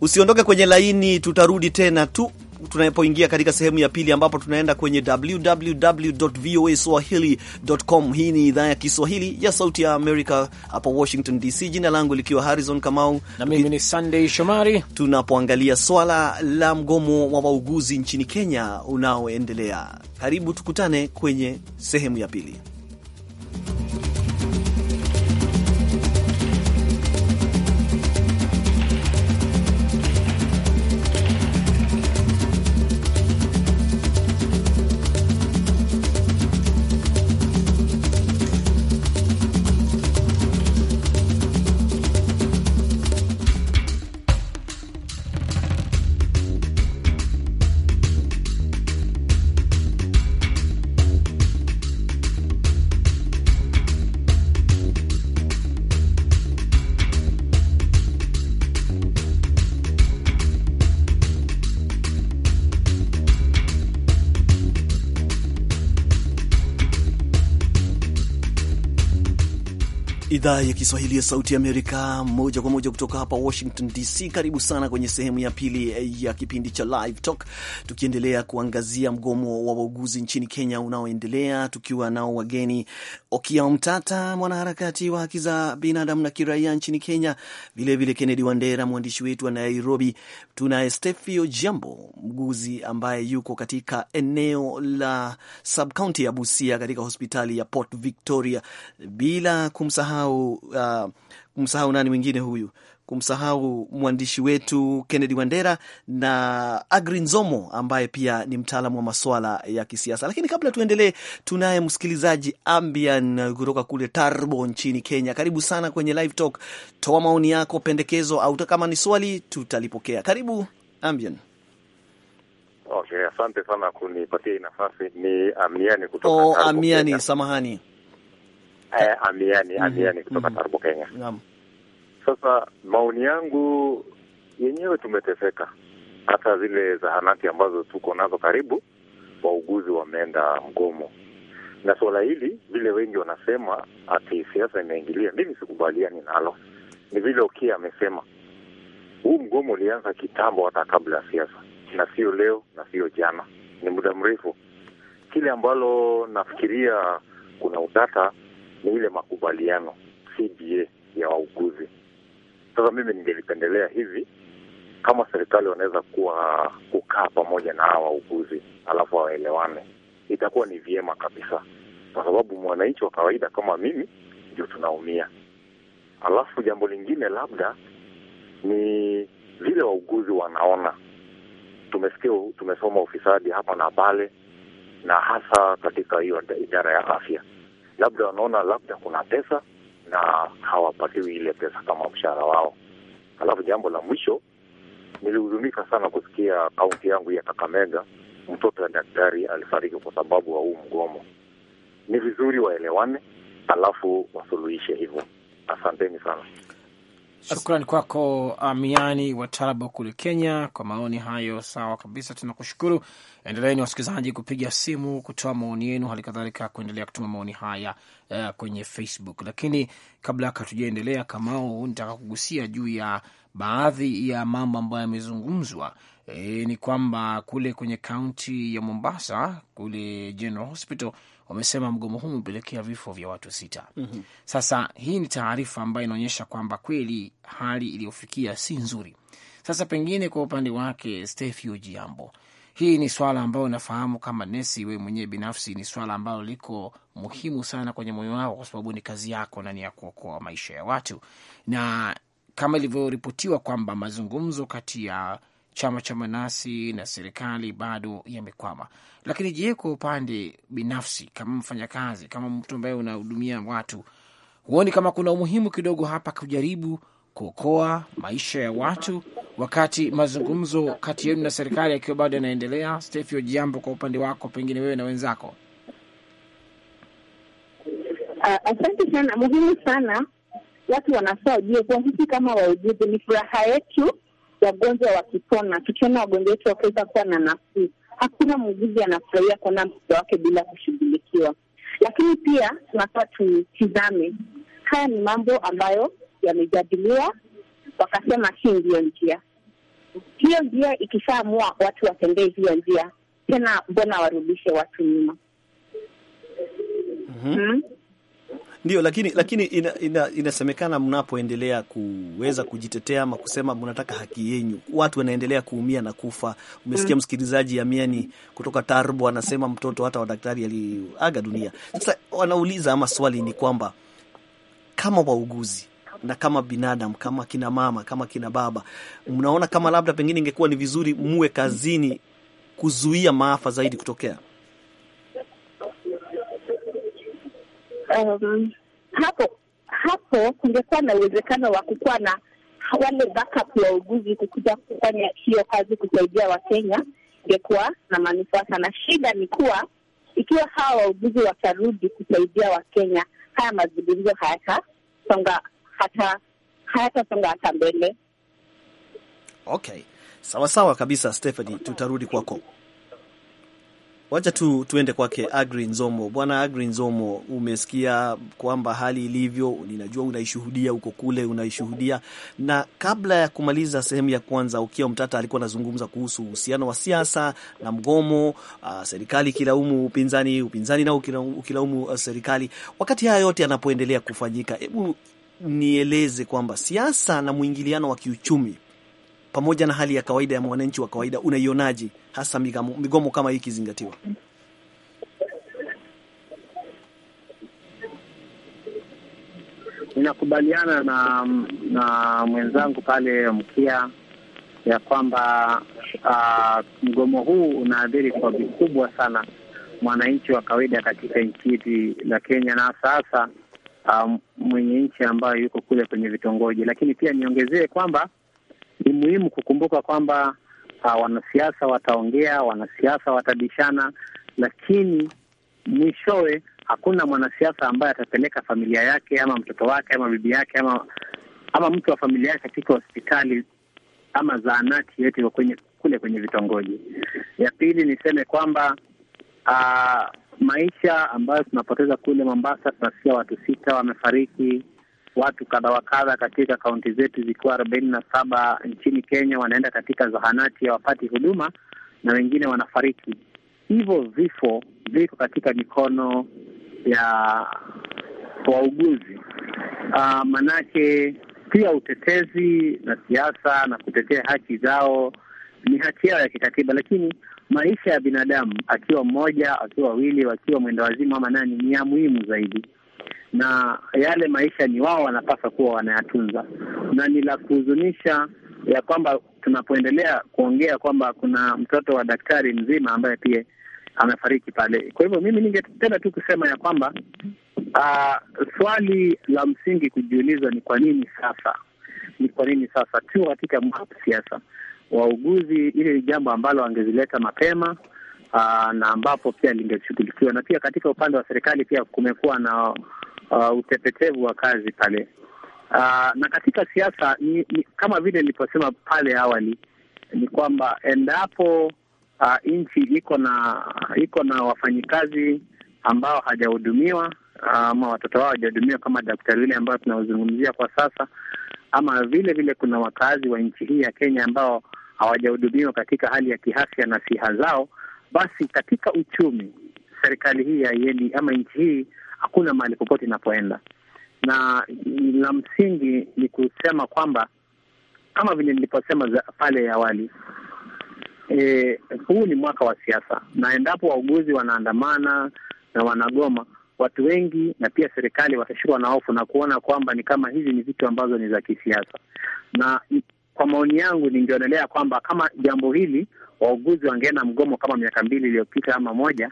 usiondoke kwenye laini, tutarudi tena tu tunapoingia katika sehemu ya pili, ambapo tunaenda kwenye www.voaswahili.com. Hii ni idhaa ya Kiswahili ya Sauti ya Amerika hapa Washington DC, jina langu likiwa Harrison Kamau na mimi ni Sunday Shomari, tunapoangalia swala la mgomo wa wauguzi nchini Kenya unaoendelea. Karibu tukutane kwenye sehemu ya pili. idhaa ya Kiswahili ya Sauti ya Amerika, moja kwa moja kutoka hapa Washington DC. Karibu sana kwenye sehemu ya pili eh, ya kipindi cha Live Talk, tukiendelea kuangazia mgomo wa wauguzi nchini Kenya unaoendelea, tukiwa nao wageni Okia Mtata, mwanaharakati wa haki za binadamu na kiraia nchini Kenya, vilevile Kennedy Wandera, mwandishi wetu wa Nairobi. Tunaye Stefio Jambo, mguzi ambaye yuko katika eneo la subkaunti ya Busia katika hospitali ya Port Victoria, bila kumsahau kumsahau uh, kumsahau nani mwingine huyu kumsahau mwandishi wetu Kennedy Wandera na Agri Nzomo ambaye pia ni mtaalamu wa maswala ya kisiasa. Lakini kabla tuendelee, tunaye msikilizaji Ambian kutoka kule Tarbo nchini Kenya. Karibu sana kwenye Live Talk, toa maoni yako, pendekezo au kama ni swali tutalipokea. Karibu Ambian. Okay, asante sana kunipatia nafasi. Ni Amiani kutoka oh, Amiani, samahani eh, Amiani mm-hmm. Amiani kutoka mm-hmm. Tarbo, Kenya. Naam. Sasa maoni yangu yenyewe, tumeteseka hata zile zahanati ambazo tuko nazo karibu, wauguzi wameenda mgomo na suala hili vile wengi wanasema ati siasa imeingilia, mimi sikubaliani nalo. Ni vile Okia amesema huu mgomo ulianza kitambo, hata kabla ya siasa, na sio leo na sio jana, ni muda mrefu. Kile ambalo nafikiria kuna utata ni ile makubaliano CBA ya wauguzi. Sasa mimi ningelipendelea hivi, kama serikali wanaweza kuwa kukaa pamoja na hawa wauguzi alafu waelewane, itakuwa ni vyema kabisa, kwa sababu mwananchi wa kawaida kama mimi ndio tunaumia. Alafu jambo lingine labda ni vile wauguzi wanaona, tumesikia tumesoma ufisadi hapa na pale, na hasa katika hiyo idara ya afya labda wanaona labda kuna pesa na hawapatiwi ile pesa kama mshahara wao. Alafu jambo la mwisho, nilihuzunika sana kusikia kaunti yangu ya Kakamega mtoto wa daktari alifariki kwa sababu wa huu mgomo. Ni vizuri waelewane, alafu wasuluhishe hivyo. Asanteni sana shukran kwako Amiani Watarabu kule Kenya kwa maoni hayo. Sawa kabisa, tunakushukuru. Endeleeni wasikilizaji kupiga simu kutoa maoni yenu, hali kadhalika kuendelea kutuma maoni haya uh, kwenye Facebook. Lakini kabla hatujaendelea, Kamao, nitaka kugusia juu ya baadhi ya mambo ambayo yamezungumzwa. E, ni kwamba kule kwenye kaunti ya Mombasa kule General Hospital wamesema mgomo huu umepelekea vifo vya watu sita. mm -hmm. Sasa hii ni taarifa ambayo inaonyesha kwamba kweli hali iliyofikia si nzuri. Sasa pengine kwa upande wake Stephen Ojiambo, hii ni swala ambayo nafahamu kama nesi, wewe mwenyewe binafsi, ni swala ambalo liko muhimu sana kwenye moyo wako, kwa sababu ni kazi yako na ni ya kuokoa maisha ya watu, na kama ilivyoripotiwa kwamba mazungumzo kati ya chama cha manasi na serikali bado yamekwama. Lakini je, kwa upande binafsi, kama mfanyakazi, kama mtu ambaye unahudumia watu, huoni kama kuna umuhimu kidogo hapa kujaribu kuokoa maisha ya watu, wakati mazungumzo kati yenu na serikali yakiwa bado yanaendelea? Stefio Jambo, kwa upande wako, pengine wewe na wenzako. Uh, asante sana, muhimu sana. Watu wanafaa wajue kuwa sisi kama wauguzi, ni furaha yetu wagonjwa wakipona, tukiona wagonjwa wetu wakiweza kuwa na nafuu, hakuna muuguzi anafurahia kuona mtoto wake bila kushughulikiwa. Lakini pia tunafaa tutizame, haya ni mambo ambayo yamejadiliwa, wakasema hii ndiyo njia. Hiyo njia ikishaamua watu watembee hiyo njia, tena mbona warudishe watu nyuma? mm -hmm. hmm? Ndio, lakini lakini ina, ina, inasemekana mnapoendelea kuweza kujitetea ama kusema mnataka haki yenyu, watu wanaendelea kuumia na kufa. Umesikia mm. msikilizaji Amiani kutoka Tarbo anasema mtoto hata wa daktari aliaga dunia. Sasa wanauliza ama swali ni kwamba kama wauguzi na kama binadamu kama kina mama kama kina baba, mnaona kama labda pengine ingekuwa ni vizuri muwe kazini kuzuia maafa zaidi kutokea? um, hapo hapo kungekuwa na uwezekano wa kukuwa na wale backup ya wauguzi kukuja kufanya hiyo kazi kusaidia Wakenya, ingekuwa na manufaa sana. Shida ni kuwa ikiwa hawa wauguzi watarudi kusaidia Wakenya, haya mazungumzo hayatasonga hata hayatasonga hata mbele. Okay, sawa sawa kabisa, Stephanie, tutarudi kwako. Wacha tu tuende kwake Agri Nzomo. Bwana Agri Nzomo, umesikia kwamba hali ilivyo, ninajua unaishuhudia huko kule, unaishuhudia. Na kabla ya kumaliza sehemu ya kwanza, Ukia Mtata alikuwa anazungumza kuhusu uhusiano wa siasa na mgomo, uh, serikali ikilaumu upinzani, upinzani nao ukilaumu uh, serikali. Wakati haya yote yanapoendelea kufanyika, hebu nieleze kwamba siasa na mwingiliano wa kiuchumi pamoja na hali ya kawaida ya mwananchi wa kawaida, unaionaje hasa migomo, migomo kama hii ikizingatiwa? Ninakubaliana na na mwenzangu pale Mkia ya kwamba uh, mgomo huu unaathiri kwa vikubwa sana mwananchi wa kawaida katika nchi hili la Kenya na sasa uh, ah, mwenye nchi ambayo yuko kule kwenye vitongoji, lakini pia niongezee kwamba ni muhimu kukumbuka kwamba uh, wanasiasa wataongea, wanasiasa watabishana, lakini mwishowe hakuna mwanasiasa ambaye atapeleka familia yake ama mtoto wake ama bibi yake ama ama mtu wa familia yake katika hospitali ama zahanati yote kwenye kule kwenye vitongoji. Ya pili niseme kwamba uh, maisha ambayo tunapoteza kule Mombasa, tunasikia watu sita wamefariki watu kadha wa kadha katika kaunti zetu zikiwa arobaini na saba nchini Kenya wanaenda katika zahanati hawapati huduma na wengine wanafariki. Hivyo vifo viko katika mikono ya wauguzi. Uh, manake pia utetezi na siasa na kutetea haki zao ni haki yao ya kikatiba, lakini maisha ya binadamu akiwa mmoja, akiwa wawili, wakiwa mwenda wazimu ama nani, ni ya muhimu zaidi na yale maisha ni wao wanapaswa kuwa wanayatunza, na ni la kuhuzunisha ya kwamba tunapoendelea kuongea kwamba kuna mtoto wa daktari mzima ambaye pia amefariki pale. Kwa hivyo mimi ningependa tu kusema ya kwamba uh, swali la msingi kujiulizwa ni kwa nini sasa, ni kwa nini sasa tu katika mwaka siasa wauguzi, hili ni jambo ambalo wangezileta mapema uh, na ambapo pia lingeshughulikiwa. Na pia katika upande wa serikali pia kumekuwa na uh, utepetevu wa kazi pale uh, na katika siasa ni, ni, kama vile niliposema pale awali ni kwamba endapo uh, nchi iko na iko na wafanyikazi ambao hajahudumiwa ama watoto wao hawajahudumiwa kama daktari yule ambayo tunaozungumzia kwa sasa, ama vile vile kuna wakazi wa nchi hii ya Kenya ambao hawajahudumiwa katika hali ya kiafya na siha zao, basi katika uchumi serikali hii haiendi ama nchi hii hakuna mahali popote inapoenda, na la msingi ni kusema kwamba kama vile niliposema pale awali, e, huu ni mwaka wa siasa, na endapo wauguzi wanaandamana na wanagoma, watu wengi na pia serikali watashikwa na hofu na kuona kwamba ni kama hizi ni vitu ambazo ni za kisiasa, na kwa maoni yangu, ningeonelea kwamba kama jambo hili wauguzi wangeenda mgomo kama miaka mbili iliyopita ama moja,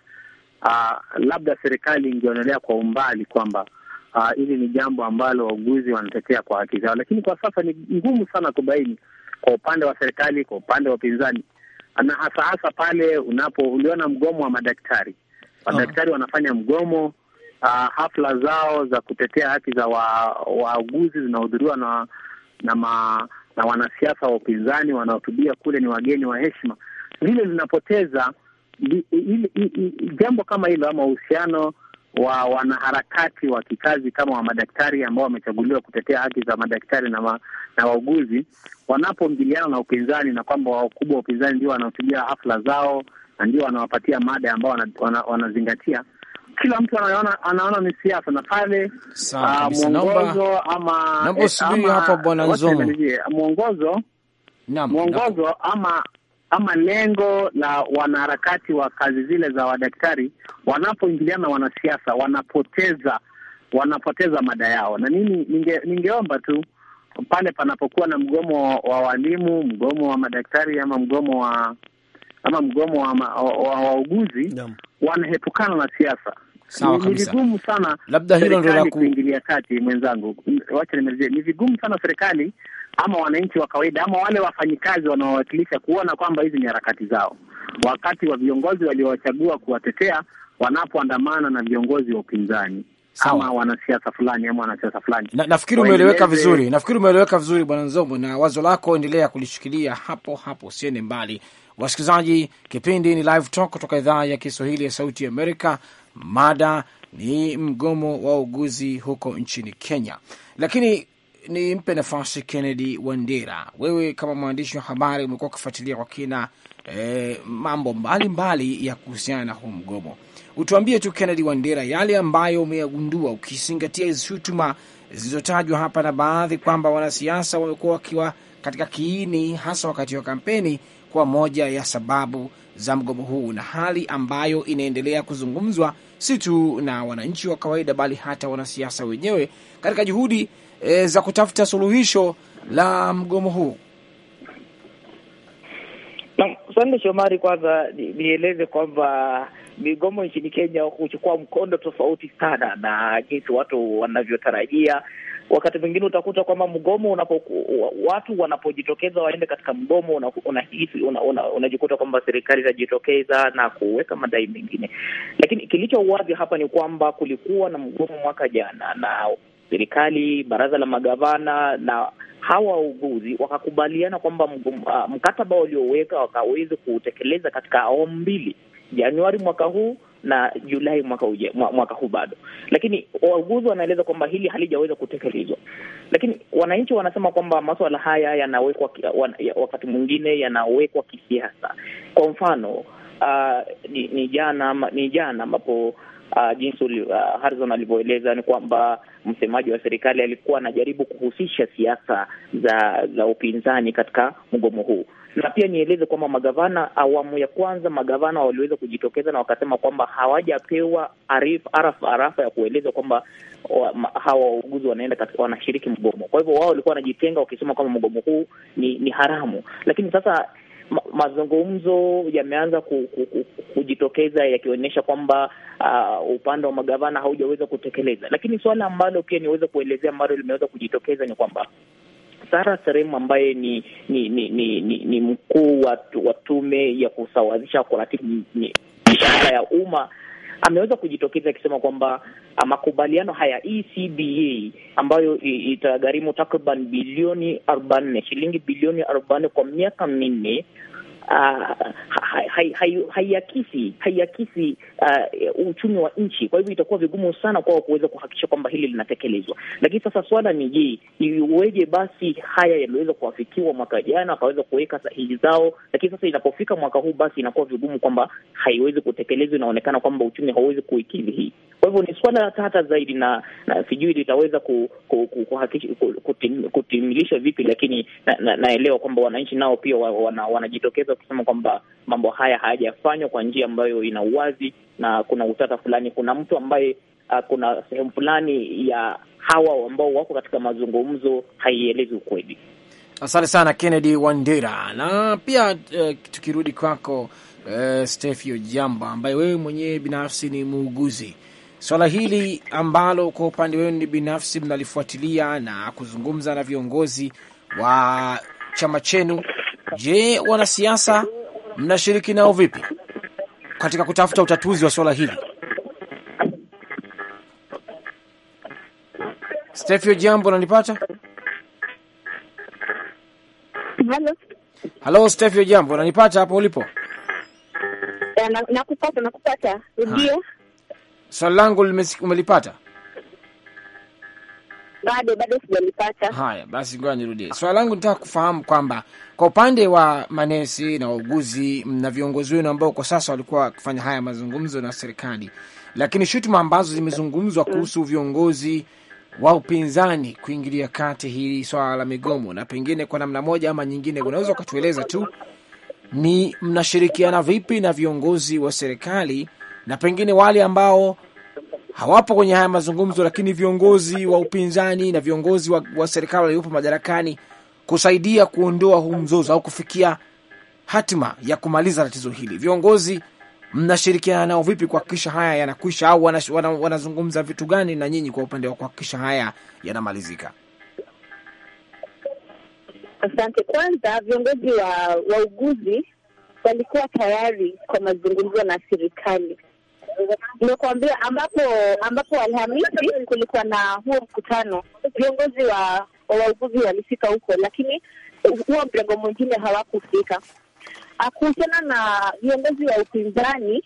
uh, labda serikali ingeonelea kwa umbali kwamba uh, hili ni jambo ambalo wauguzi wanatetea kwa haki zao, lakini kwa sasa ni ngumu sana kubaini kwa upande wa serikali, kwa upande wa upinzani, na hasa hasa pale unapo uliona mgomo wa madaktari. Madaktari wanafanya mgomo Uh, hafla zao za kutetea haki za wauguzi wa zinahudhuriwa na na ma, na wanasiasa wa upinzani wanaotubia kule ni wageni wa heshima, vile linapoteza jambo kama hilo, ama uhusiano wa wanaharakati wa kikazi kama wa madaktari ambao wamechaguliwa kutetea haki za madaktari na, ma, na wauguzi wanapoingiliana na upinzani, na kwamba wakubwa wa upinzani ndio wanaotubia hafla zao na ndio wanawapatia mada ambao wanazingatia, kila mtu anaona anaona ni siasa na pale ah, mwongozo ama namba, eh, subiri hapa bwana Nzomo, mwongozo naam, mwongozo ama ama lengo la wanaharakati wa kazi zile za wadaktari, wanapoingiliana na wanasiasa wanapoteza wanapoteza mada yao, na mimi ninge, ningeomba tu pale panapokuwa na mgomo wa walimu, mgomo wa madaktari ama mgomo wa ama mgomo wa wauguzi wa, wa wanahepukana na siasa. Sawa kabisa. Ni vigumu sana labda hilo ndio la kuingilia kati, mwenzangu, wacha nimerejea. Ni vigumu sana serikali ama wananchi wa kawaida ama wale wafanyikazi wanaowakilisha kuona kwamba hizi ni harakati zao, wakati wa viongozi waliowachagua kuwatetea wanapoandamana na viongozi wa upinzani ama wanasiasa fulani ama wanasiasa fulani. Na, nafikiri umeeleweka vizuri, nafikiri umeeleweka vizuri Bwana Nzombo, na wazo lako endelea kulishikilia hapo hapo, usiende mbali. Wasikilizaji, kipindi ni Live Talk kutoka idhaa ya Kiswahili ya Sauti ya Amerika. Mada ni mgomo wa uguzi huko nchini Kenya, lakini nimpe nafasi Kennedy Wandera. Wewe kama mwandishi wa habari umekuwa ukifuatilia kwa kina eh, mambo mbalimbali mbali ya kuhusiana na huu mgomo. Utuambie tu Kennedy Wandera, yale ambayo umeyagundua ukizingatia hizi shutuma zilizotajwa hapa na baadhi kwamba wanasiasa wamekuwa wakiwa katika kiini hasa wakati wa kampeni kwa moja ya sababu za mgomo huu, na hali ambayo inaendelea kuzungumzwa si tu na wananchi wa kawaida, bali hata wanasiasa wenyewe katika juhudi e, za kutafuta suluhisho la mgomo huu. Sande Shomari, kwanza nieleze kwamba migomo nchini Kenya huchukua mkondo tofauti sana na jinsi watu wanavyotarajia, wakati mwingine utakuta kwamba mgomo unapo, watu wanapojitokeza waende katika mgomo unajikuta una, una, una kwamba serikali itajitokeza na kuweka madai mengine, lakini kilicho wazi hapa ni kwamba kulikuwa na mgomo mwaka jana na serikali, baraza la magavana na hawa wauguzi wakakubaliana kwamba ah, mkataba walioweka wakaweze kuutekeleza katika awamu mbili, Januari mwaka huu na Julai mwaka uje, mwaka huu bado, lakini wauguzi wanaeleza kwamba hili halijaweza kutekelezwa. Lakini wananchi wanasema kwamba masuala haya yanawekwa wakati mwingine yanawekwa kisiasa. Kwa mfano uh, ni, ni jana ni jana ambapo Uh, jinsi uh, Harrison alivyoeleza ni kwamba msemaji wa serikali alikuwa anajaribu kuhusisha siasa za za upinzani katika mgomo huu na pia nieleze kwamba magavana awamu ya kwanza magavana waliweza kujitokeza na wakasema kwamba hawajapewa arafa arafa ya kueleza kwamba hawa wauguzi wanaenda katika, wanashiriki mgomo. Kwa hivyo wao walikuwa wanajitenga wakisema kwamba mgomo huu ni, ni haramu, lakini sasa ma, mazungumzo yameanza ku, ku, ku, kujitokeza yakionyesha kwamba uh, upande wa magavana haujaweza kutekeleza, lakini suala ambalo pia niweza kuelezea ambalo limeweza kujitokeza ni kwamba Sara Serem ambaye ni ni ni, ni, ni, ni mkuu wa tume ya kusawazisha kuratibu mishahara ya umma ameweza kujitokeza akisema kwamba ah, makubaliano haya ECBA ambayo itagharimu takriban bilioni arobaini shilingi bilioni arobaini kwa miaka minne haiakisi haiakisi uchumi wa nchi. Kwa hivyo itakuwa vigumu sana kwao kuweza kuhakikisha kwamba hili linatekelezwa. Lakini sasa swala ni je, iweje basi haya yaliweza kuafikiwa mwaka jana, wakaweza kuweka sahihi zao, lakini sasa inapofika mwaka huu basi inakuwa vigumu kwamba haiwezi kutekelezwa, inaonekana kwamba uchumi hauwezi kuikidhi hii kwa hivyo ni swala tata zaidi, na na sijui litaweza ku, ku, ku, kutim, vipi, lakini na, na, naelewa kwamba wananchi nao pia wana, wanajitokeza kusema kwamba mambo haya hayajafanywa kwa njia ambayo ina uwazi na kuna utata fulani, kuna mtu ambaye Uh, kuna sehemu fulani ya hawa ambao wako katika mazungumzo haielezi ukweli. Asante sana Kennedy Wandera, na pia uh, tukirudi kwako uh, eh, Stefio Jamba ambaye wewe mwenyewe binafsi ni muuguzi swala hili ambalo kwa upande wenu ni binafsi mnalifuatilia na kuzungumza na viongozi wa chama chenu, je, wanasiasa mnashiriki nao vipi katika kutafuta utatuzi wa swala hili? Stefio Jambo, unanipata? Halo, halo Stefio Jambo, unanipata hapo ulipo? Eh, nakupata, nakupata. Ndio swali langu umelipata? Bado bado sijalipata. Haya basi, ngoja nirudie swali langu. Nitaka kufahamu kwamba kwa upande wa manesi na wauguzi na viongozi wenu ambao kwa sasa walikuwa wakifanya haya mazungumzo na serikali, lakini shutuma ambazo zimezungumzwa mm. kuhusu viongozi wa upinzani kuingilia kati hili swala la migomo, na pengine kwa namna moja ama nyingine, unaweza ukatueleza tu ni mnashirikiana vipi na viongozi wa serikali na pengine wale ambao hawapo kwenye haya mazungumzo, lakini viongozi wa upinzani na viongozi wa, wa serikali waliopo madarakani kusaidia kuondoa huu mzozo au kufikia hatima ya kumaliza tatizo hili. Viongozi mnashirikiana nao vipi kuhakikisha haya yanakwisha, au wanazungumza vitu gani na nyinyi kwa upande wa kuhakikisha haya yanamalizika? Asante. Kwanza, viongozi wa wauguzi walikuwa tayari kwa mazungumzo na serikali nimekuambia, ambapo ambapo Alhamisi kulikuwa na huo mkutano, viongozi wa wauguzi walifika huko, lakini huo mrengo mwingine hawakufika. Ah, kuhusiana na viongozi wa upinzani,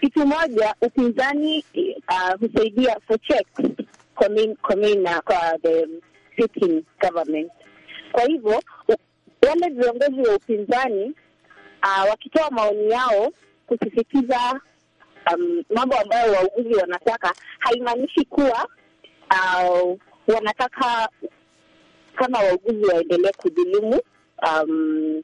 kitu moja, upinzani uh, husaidia for check ah, kwa the sitting government. Kwa hivyo wale viongozi wa upinzani uh, wakitoa maoni yao kusisitiza um, mambo ambayo wauguzi wanataka haimaanishi kuwa uh, wanataka kama wauguzi waendelee kudhulumu um,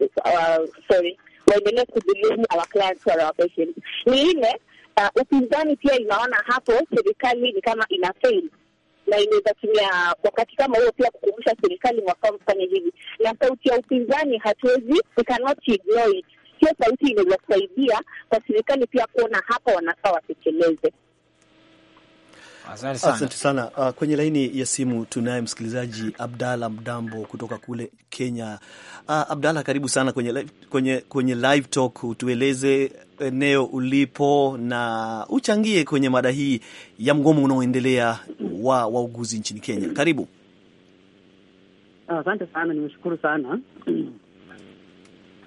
uh, sorry waendelee kudhulumu our clients or our patients. Ni ile uh, upinzani pia inaona hapo serikali ni kama ina fail na inaweza tumia wakati kama huo pia kukumbusha serikali mwakaa mfanye hivi, na sauti ya upinzani hatuwezi, we cannot ignore it hiyo sauti inaweza kusaidia kwa serikali pia kuona hapa wanafaa watekeleze. Asante sana, Uh, kwenye laini ya simu tunaye msikilizaji Abdalla Mdambo kutoka kule Kenya. Uh, Abdalla, karibu sana kwenye live, kwenye, kwenye live talk. utueleze eneo ulipo na uchangie kwenye mada hii ya mgomo unaoendelea wa wauguzi nchini Kenya. Karibu. Asante sana, nimeshukuru sana [clears throat]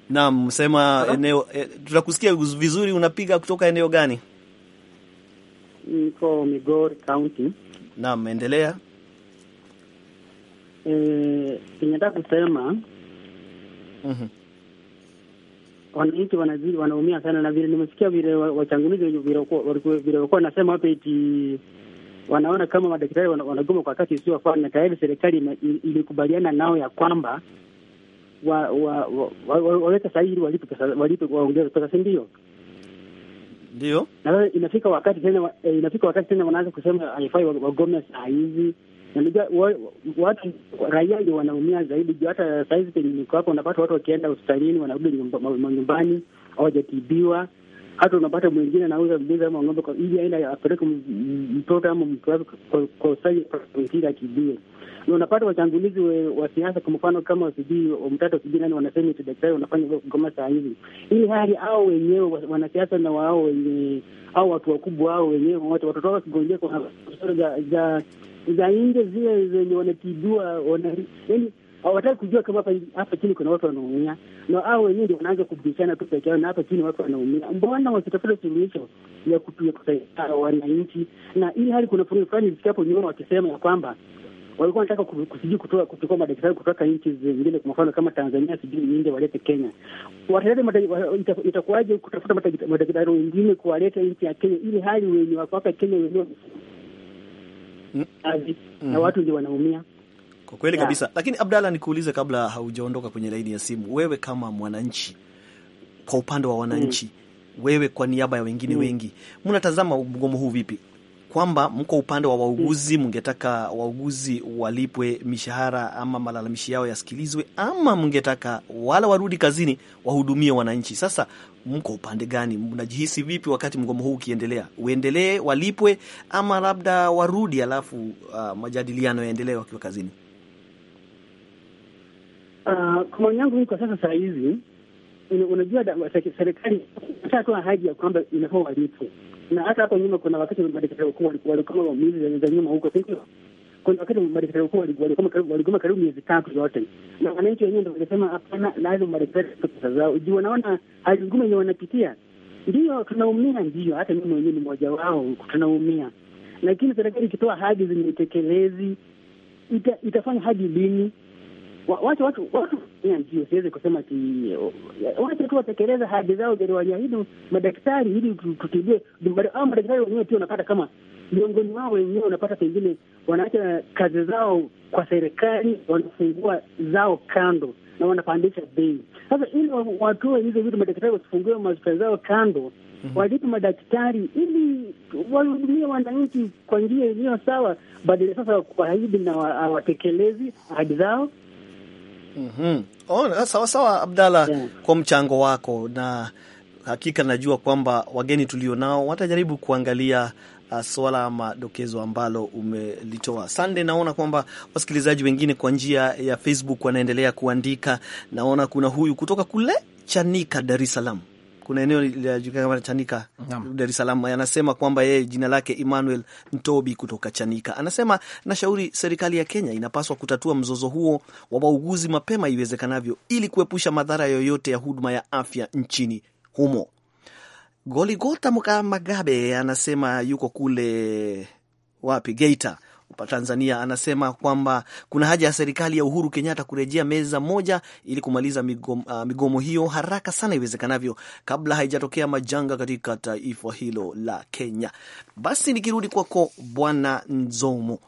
Naam, sema eneo e, tutakusikia vizuri. Unapiga kutoka eneo gani? Niko Migori County. Naam, endelea. Eh, nataka kusema mhm wananchi wanazidi wanaumia sana, na vile nimesikia vile wachanganuzi vile walikuwa nasema hapo, eti wanaona kama madaktari wanagoma kwa wakati usiofaa, na tayari serikali ilikubaliana nao ya kwamba waweke sahihi walipe waongeze pesa, si ndio? Ndio, na inafika wakati tena, eh, inafika wakati tena wanaanza kusema haifai wagome saa hizi. Najua watu raia ndio wanaumia zaidi juu hata saa hizi penye niko hapo, unapata watu wakienda hospitalini wanarudi nyumbani hawajatibiwa hata unapata mwingine anauza mbuzi ama ng'ombe ili aenda apeleke mtoto ama mtu wake kwa usai ingine akijue. unapata wachangulizi wa siasa, kwa mfano kama sijui mtata sijui nani wanasema eti daktari wanafanya kugoma saa hizi, ili hali au wenyewe wanasiasa na wao wenye au watu wakubwa wao wenyewe watoto wao wakigonjeka za nje zile zenye wanatibua, yani hawataki kujua kama hapa hapa chini kuna watu wanaumia, na hao wenyewe ndio wanaanza kubishana tu peke yao, na hapa chini watu wanaumia. Mbona wakitafuta suluhisho ya kusaidia wananchi? Na ili hali kuna fulani fulani hapo nyuma wakisema ya kwamba walikuwa wanataka kusijui kutoa kuchukua madaktari kutoka nchi zingine, kwa mfano kama Tanzania, sijui India, walete Kenya. Wataleta itakuwaje kutafuta madaktari wengine kuwaleta nchi ya Kenya, ili hali wenye wako hapa Kenya wenyewe mm. na watu ndio wanaumia yako kweli yeah, kabisa. Lakini Abdalla, nikuulize kabla haujaondoka kwenye laini ya simu, wewe kama mwananchi, kwa upande wa wananchi mm, wewe kwa niaba ya wengine mm, wengi mnatazama mgomo huu vipi? kwamba mko upande wa wauguzi, mngetaka mm. wauguzi walipwe mishahara ama malalamishi yao yasikilizwe, ama mngetaka wala warudi kazini wahudumie wananchi. Sasa mko upande gani? Mnajihisi vipi wakati mgomo huu ukiendelea? Uendelee walipwe, ama labda warudi, alafu uh, majadiliano yaendelee wakiwa kazini? Uh, kwa maoni yangu mimi kwa sasa saa hizi unajua, serikali ishatoa ahadi ya kwamba inafaa walipo, na hata hapo nyuma kuna wakati madaktari wakuu walikoma miezi za nyuma huko, kuna wakati madaktari wakuu waligoma karibu miezi tatu yote, na wananchi wenyewe ndio walisema hapana, lazima madaktari pesa zao juu wanaona hali ngumu yenye wanapitia. Ndiyo tunaumia, ndio hata mimi mwenyewe ni mmoja wao, tunaumia, lakini serikali ikitoa ahadi zenye utekelezi ita, itafanya hadi lini? wache watu watu eh, oh, ndio siweze kusema ki wache tu watekeleza hadi zao ziliwaahidi madaktari ili tutibie au madaktari wenyewe pia unapata kama miongoni wao wenyewe unapata pengine wanaacha kazi zao kwa serikali, wanafungua zao kando na wanapandisha bei. Sasa ili watoe hizo vitu, madaktari wasifungue mahospitali zao kando, mhm. walipe madaktari ili wahudumie wananchi kwa njia iliyo sawa, badala sasa kuahidi na watekelezi ahadi zao mm -hmm. Oh, sawa sawa Abdalla, mm. kwa mchango wako na hakika najua kwamba wageni tulionao watajaribu kuangalia uh, swala ama dokezo ambalo umelitoa Sande. Naona kwamba wasikilizaji wengine kwa njia ya Facebook wanaendelea kuandika. Naona kuna huyu kutoka kule Chanika, Dar es Salaam kuna eneo linajulikana kama Chanika, Dar es Salaam. Anasema kwamba yeye jina lake Emmanuel ntobi kutoka Chanika, anasema nashauri serikali ya Kenya inapaswa kutatua mzozo huo wa wauguzi mapema iwezekanavyo, ili kuepusha madhara yoyote ya huduma ya afya nchini humo. Goligota Magabe anasema yuko kule wapi Geita Tanzania anasema kwamba kuna haja ya serikali ya Uhuru Kenyatta kurejea meza moja ili kumaliza migomo, uh, migomo hiyo haraka sana iwezekanavyo kabla haijatokea majanga katika taifa hilo la Kenya. Basi nikirudi kwako Bwana Nzomo,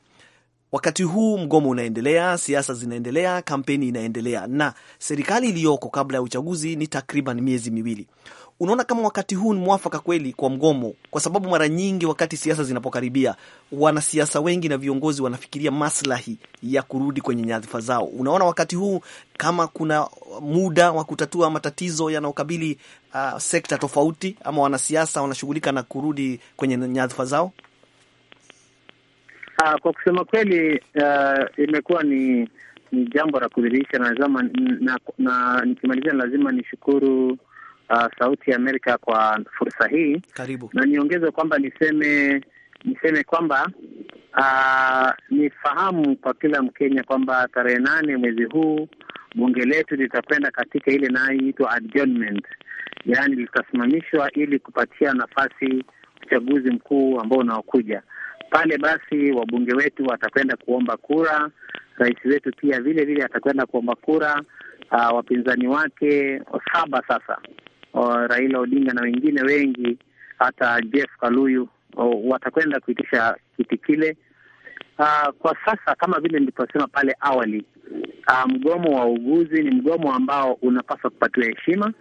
wakati huu mgomo unaendelea, siasa zinaendelea, kampeni inaendelea, na serikali iliyoko kabla ya uchaguzi ni takriban miezi miwili. Unaona kama wakati huu ni mwafaka kweli kwa mgomo? Kwa sababu mara nyingi wakati siasa zinapokaribia, wanasiasa wengi na viongozi wanafikiria maslahi ya kurudi kwenye nyadhifa zao. Unaona wakati huu kama kuna muda wa kutatua matatizo yanayokabili uh, sekta tofauti, ama wanasiasa wanashughulika na kurudi kwenye nyadhifa zao? Uh, kwa kusema kweli uh, imekuwa ni ni jambo la kudhihirisha na, na, na, na nikimalizia lazima nishukuru uh, Sauti ya Amerika kwa fursa hii. Karibu. Na niongeze kwamba niseme niseme kwamba uh, nifahamu kwa kila Mkenya kwamba tarehe nane mwezi huu bunge letu litakwenda katika ile inayoitwa adjournment, yaani litasimamishwa ili kupatia nafasi uchaguzi mkuu ambao unaokuja pale. Basi wabunge wetu watakwenda kuomba kura, rais wetu pia vile vile atakwenda kuomba kura, uh, wapinzani wake saba sasa Raila Odinga na wengine wengi, hata Jeff Kaluyu watakwenda kuitisha kiti kile. Uh, kwa sasa kama vile nilivyosema pale awali, uh, mgomo wa uguzi ni mgomo ambao unapaswa kupatiwa heshima,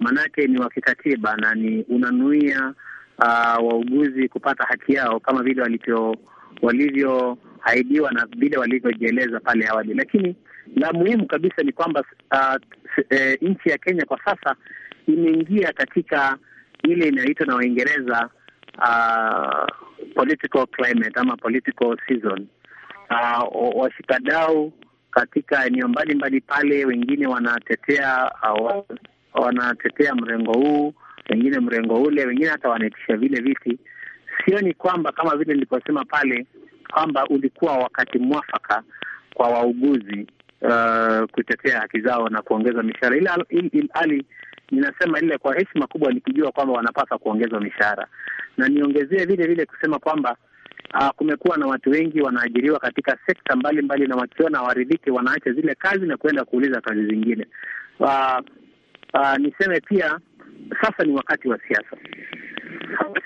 maanake ni wa kikatiba na ni unanuia uh, wauguzi kupata haki yao kama vile walivyo walivyoahidiwa na vile walivyojieleza pale awali. Lakini la muhimu kabisa ni kwamba uh, e, nchi ya Kenya kwa sasa imeingia katika ile inayoitwa na Waingereza uh, political climate ama political season. Uh, washikadau katika eneo mbalimbali pale, wengine wanatetea uh, wanatetea mrengo huu, wengine mrengo ule, wengine hata wanaitisha vile viti. Sioni kwamba kama vile nilivyosema pale kwamba ulikuwa wakati mwafaka kwa wauguzi uh, kutetea haki zao na kuongeza mishahara, ila hali ninasema ile kwa heshima kubwa, nikijua kwamba wanapaswa kuongezwa mishahara, na niongezee vile vile kusema kwamba Uh, kumekuwa na watu wengi wanaajiriwa katika sekta mbalimbali, na wakiona waridhiki wanaacha zile kazi na kuenda kuuliza kazi zingine. Uh, uh, niseme pia sasa ni wakati wa siasa.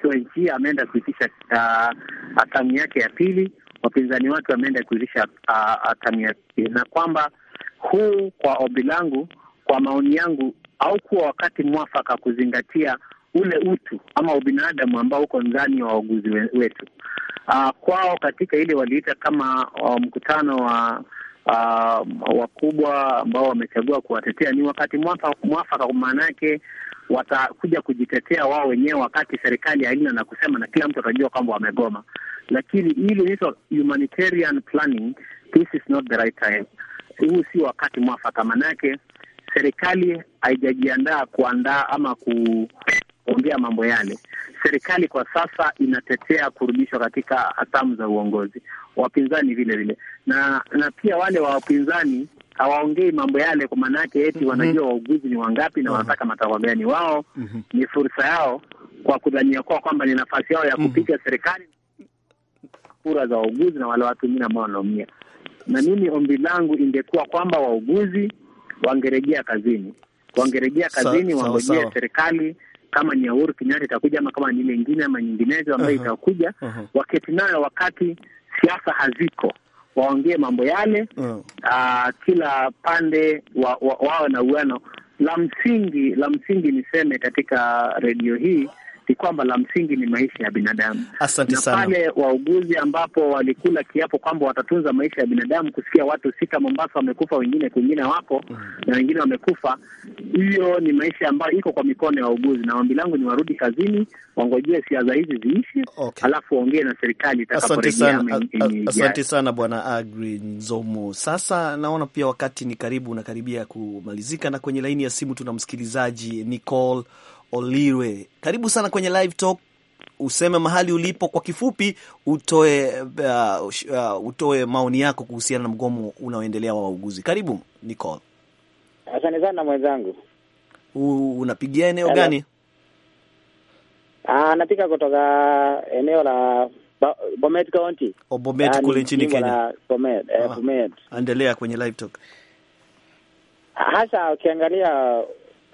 Rais wa ameenda kuitisha uh, tamu yake ya pili, wapinzani wake wameenda kuitisha uh, tamu ya pili, na kwamba huu, kwa ombi langu, kwa maoni yangu, haukuwa wakati mwafaka kuzingatia ule utu ama ubinadamu ambao uko ndani ya wa wauguzi wetu. Uh, kwao katika ile waliita kama um, mkutano wa uh, wakubwa ambao wamechagua kuwatetea, ni wakati mwafaka, kwa maana yake watakuja kujitetea wao wenyewe wakati serikali haina na kusema, na kila mtu atajua kwamba wamegoma. Lakini hili inaitwa humanitarian planning, this is not the right time. Huu si wakati mwafaka, maanake serikali haijajiandaa kuandaa ama kuongea mambo yale. Serikali kwa sasa inatetea kurudishwa katika hatamu za uongozi, wapinzani vile vile, na na pia wale wa wapinzani hawaongei mambo yale, kwa maana yake eti mm -hmm. wanajua wauguzi ni wangapi na mm -hmm. wanataka matakwa gani. Wao mm -hmm. ni fursa yao, kwa kudhania kuwa kwamba ni nafasi yao ya mhm. kupiga mm -hmm. serikali kura za wauguzi na wale watu wengine ambao wanaumia. Na mimi ombi langu ingekuwa kwamba wauguzi wangerejea kazini, wangerejea kazini, wangojee serikali kama ni Uhuru Kenyatta itakuja ama kama ni ile ingine ama nyinginezo ambayo uh -huh. itakuja uh -huh. waketi nayo wakati siasa haziko waongee mambo yale uh -huh. Uh, ah, kila pande wawe wa, wa na uwiano. La msingi la msingi niseme katika redio hii ni kwamba la msingi ni maisha ya binadamu. Asante sana. pale wauguzi ambapo walikula kiapo kwamba watatunza maisha ya binadamu, kusikia watu sita Mombasa wamekufa, wengine kwengine wapo mm na wengine wamekufa, hiyo ni maisha ambayo iko kwa mikono ya wauguzi, na ombi langu ni warudi kazini, wangojee siasa hizi ziishi, okay. alafu waongee na serikali itakaporejea. Asante sana Bwana Agri Nzomo. Sasa naona pia wakati ni karibu unakaribia kumalizika, na kwenye laini ya simu tuna msikilizaji Nicole Olirwe, karibu sana kwenye live talk. Useme mahali ulipo kwa kifupi, utoe uh, uh, utoe maoni yako kuhusiana na mgomo unaoendelea wa wauguzi. Karibu Nicole. Asante sana mwenzangu. Unapigia eneo Hello. gani? Ah, napiga kutoka eneo la Bomet County. O oh, Bomet yaani kule nchini Kenya. Bomet, eh, ah, Bomet. Endelea kwenye live talk. Hasa ukiangalia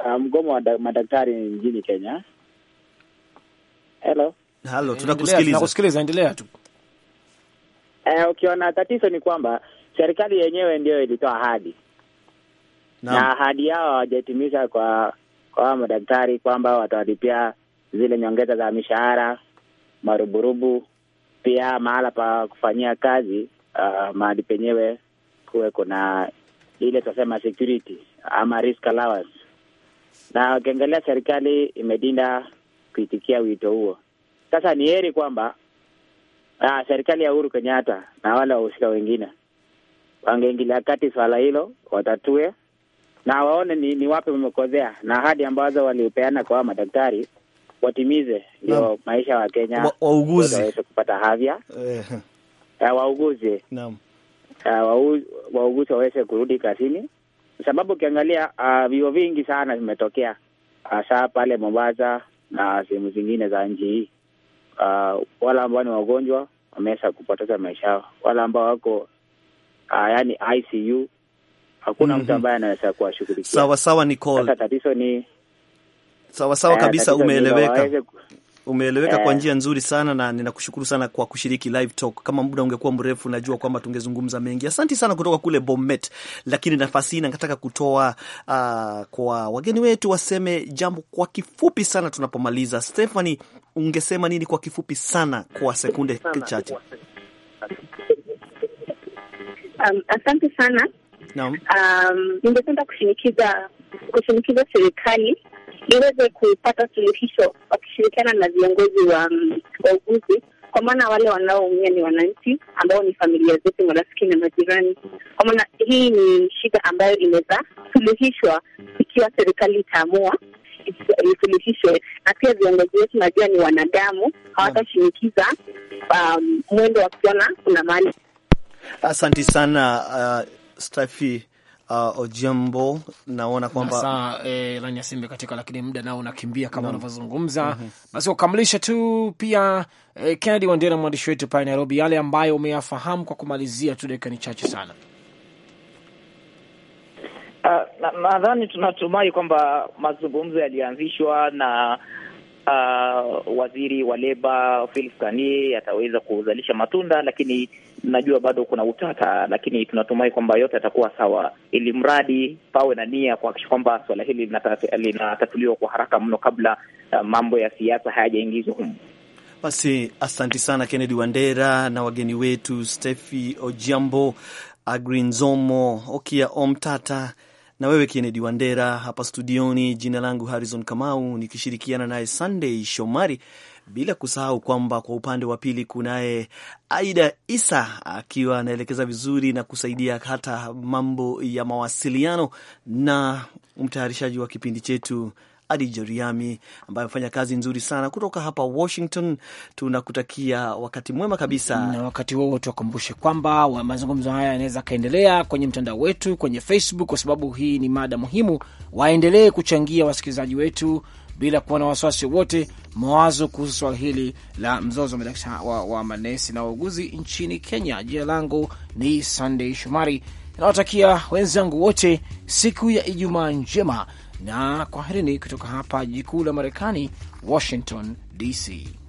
Ah, mgomo wa madaktari nchini Kenya. Hello, hello, tunakusikiliza, endelea tu. Eh, ukiona tatizo ni kwamba serikali yenyewe ndio ilitoa ahadi na ahadi yao hawajatimiza kwa kwa madaktari kwamba watawalipia zile nyongeza za mishahara, maruburubu, pia mahala pa kufanyia kazi uh, mahali penyewe kuwe kuna ile tunasema security ama risk allowance na ukiangalia serikali imedinda kuitikia wito huo. Sasa ni heri kwamba aa, ah, serikali ya Uhuru Kenyatta na wale wahusika wengine wangeingilia kati swala hilo, watatue na waone ni, ni wapi wamekozea na ahadi ambazo waliupeana kwa madaktari watimize, ndio maisha wa Kenya waweze kupata havya eh. eh, wauguzi eh, wauguzi waweze kurudi kazini sababu ukiangalia uh, vio vingi sana vimetokea hasa uh, pale Mombasa na sehemu zingine za nchi hii. Uh, wale ambao ni wagonjwa wameweza kupoteza maisha yao, wale ambao wako uh, yani ICU hakuna mm -hmm. mtu mhm. ambaye anaweza kuwashughulikia sawa sawa. Nicole, tatizo ni sawa sawa eh, kabisa, umeeleweka umeeleweka kwa eh. njia nzuri sana na ninakushukuru sana kwa kushiriki live talk. Kama muda ungekuwa mrefu, najua kwamba tungezungumza mengi. asanti sana kutoka kule Bomet, lakini nafasi hii nataka kutoa uh, kwa wageni wetu waseme jambo kwa kifupi sana tunapomaliza. Stephanie, ungesema nini kwa kifupi sana kwa sekunde chache? Um, asante sana. Naam. Um, ningependa kushinikiza kushinikiza serikali tuliweze kupata suluhisho wakishirikiana na viongozi wa mm, wauguzi kwa maana wale wanaoumia ni wananchi ambao ni familia zetu, marafiki na majirani. Kwa maana hii ni shida ambayo inaweza suluhishwa ikiwa serikali itaamua isuluhishwe, na pia viongozi wetu najua ni wanadamu, hawatashinikiza um, mwendo wa kuona kuna mali. Asanti sana uh, Stafi uh, Ojembo naona kwamba sasa eh, lani ya simbe katika, lakini muda nao unakimbia kama unavyozungumza no. mm -hmm. Basi ukamilishe tu pia eh, Kennedy Wandera, mwandishi wetu pale Nairobi, yale ambayo umeyafahamu kwa kumalizia tu, dakika ni chache sana. Uh, nadhani na tunatumai kwamba mazungumzo yalianzishwa na waziri wa leba Philip Kanie ataweza kuzalisha matunda, lakini najua bado kuna utata, lakini tunatumai kwamba yote yatakuwa sawa, ili mradi pawe na nia kuhakikisha kwamba suala hili linatatuliwa kwa haraka mno kabla uh, mambo ya siasa hayajaingizwa humu. Basi asanti sana Kennedy Wandera na wageni wetu Stefi Ojiambo, Agrinzomo Okia Omtata na wewe Kennedy Wandera hapa studioni. Jina langu Harrison Kamau nikishirikiana naye Sunday Shomari, bila kusahau kwamba kwa upande wa pili kunaye Aida Isa akiwa anaelekeza vizuri na kusaidia hata mambo ya mawasiliano na mtayarishaji wa kipindi chetu Adija Riami ambaye amefanya kazi nzuri sana. Kutoka hapa Washington tunakutakia wakati mwema kabisa, na wakati huo tuwakumbushe kwamba wa mazungumzo haya yanaweza akaendelea kwenye mtandao wetu kwenye Facebook, kwa sababu hii ni mada muhimu. Waendelee kuchangia wasikilizaji wetu bila kuwa na wasiwasi wowote mawazo kuhusu swala hili la mzozo wa, wa manesi na wauguzi nchini Kenya. Jina langu ni sandey Shomari, nawatakia wenzangu wote siku ya Ijumaa njema na kwaherini kutoka hapa jikuu la Marekani, Washington DC.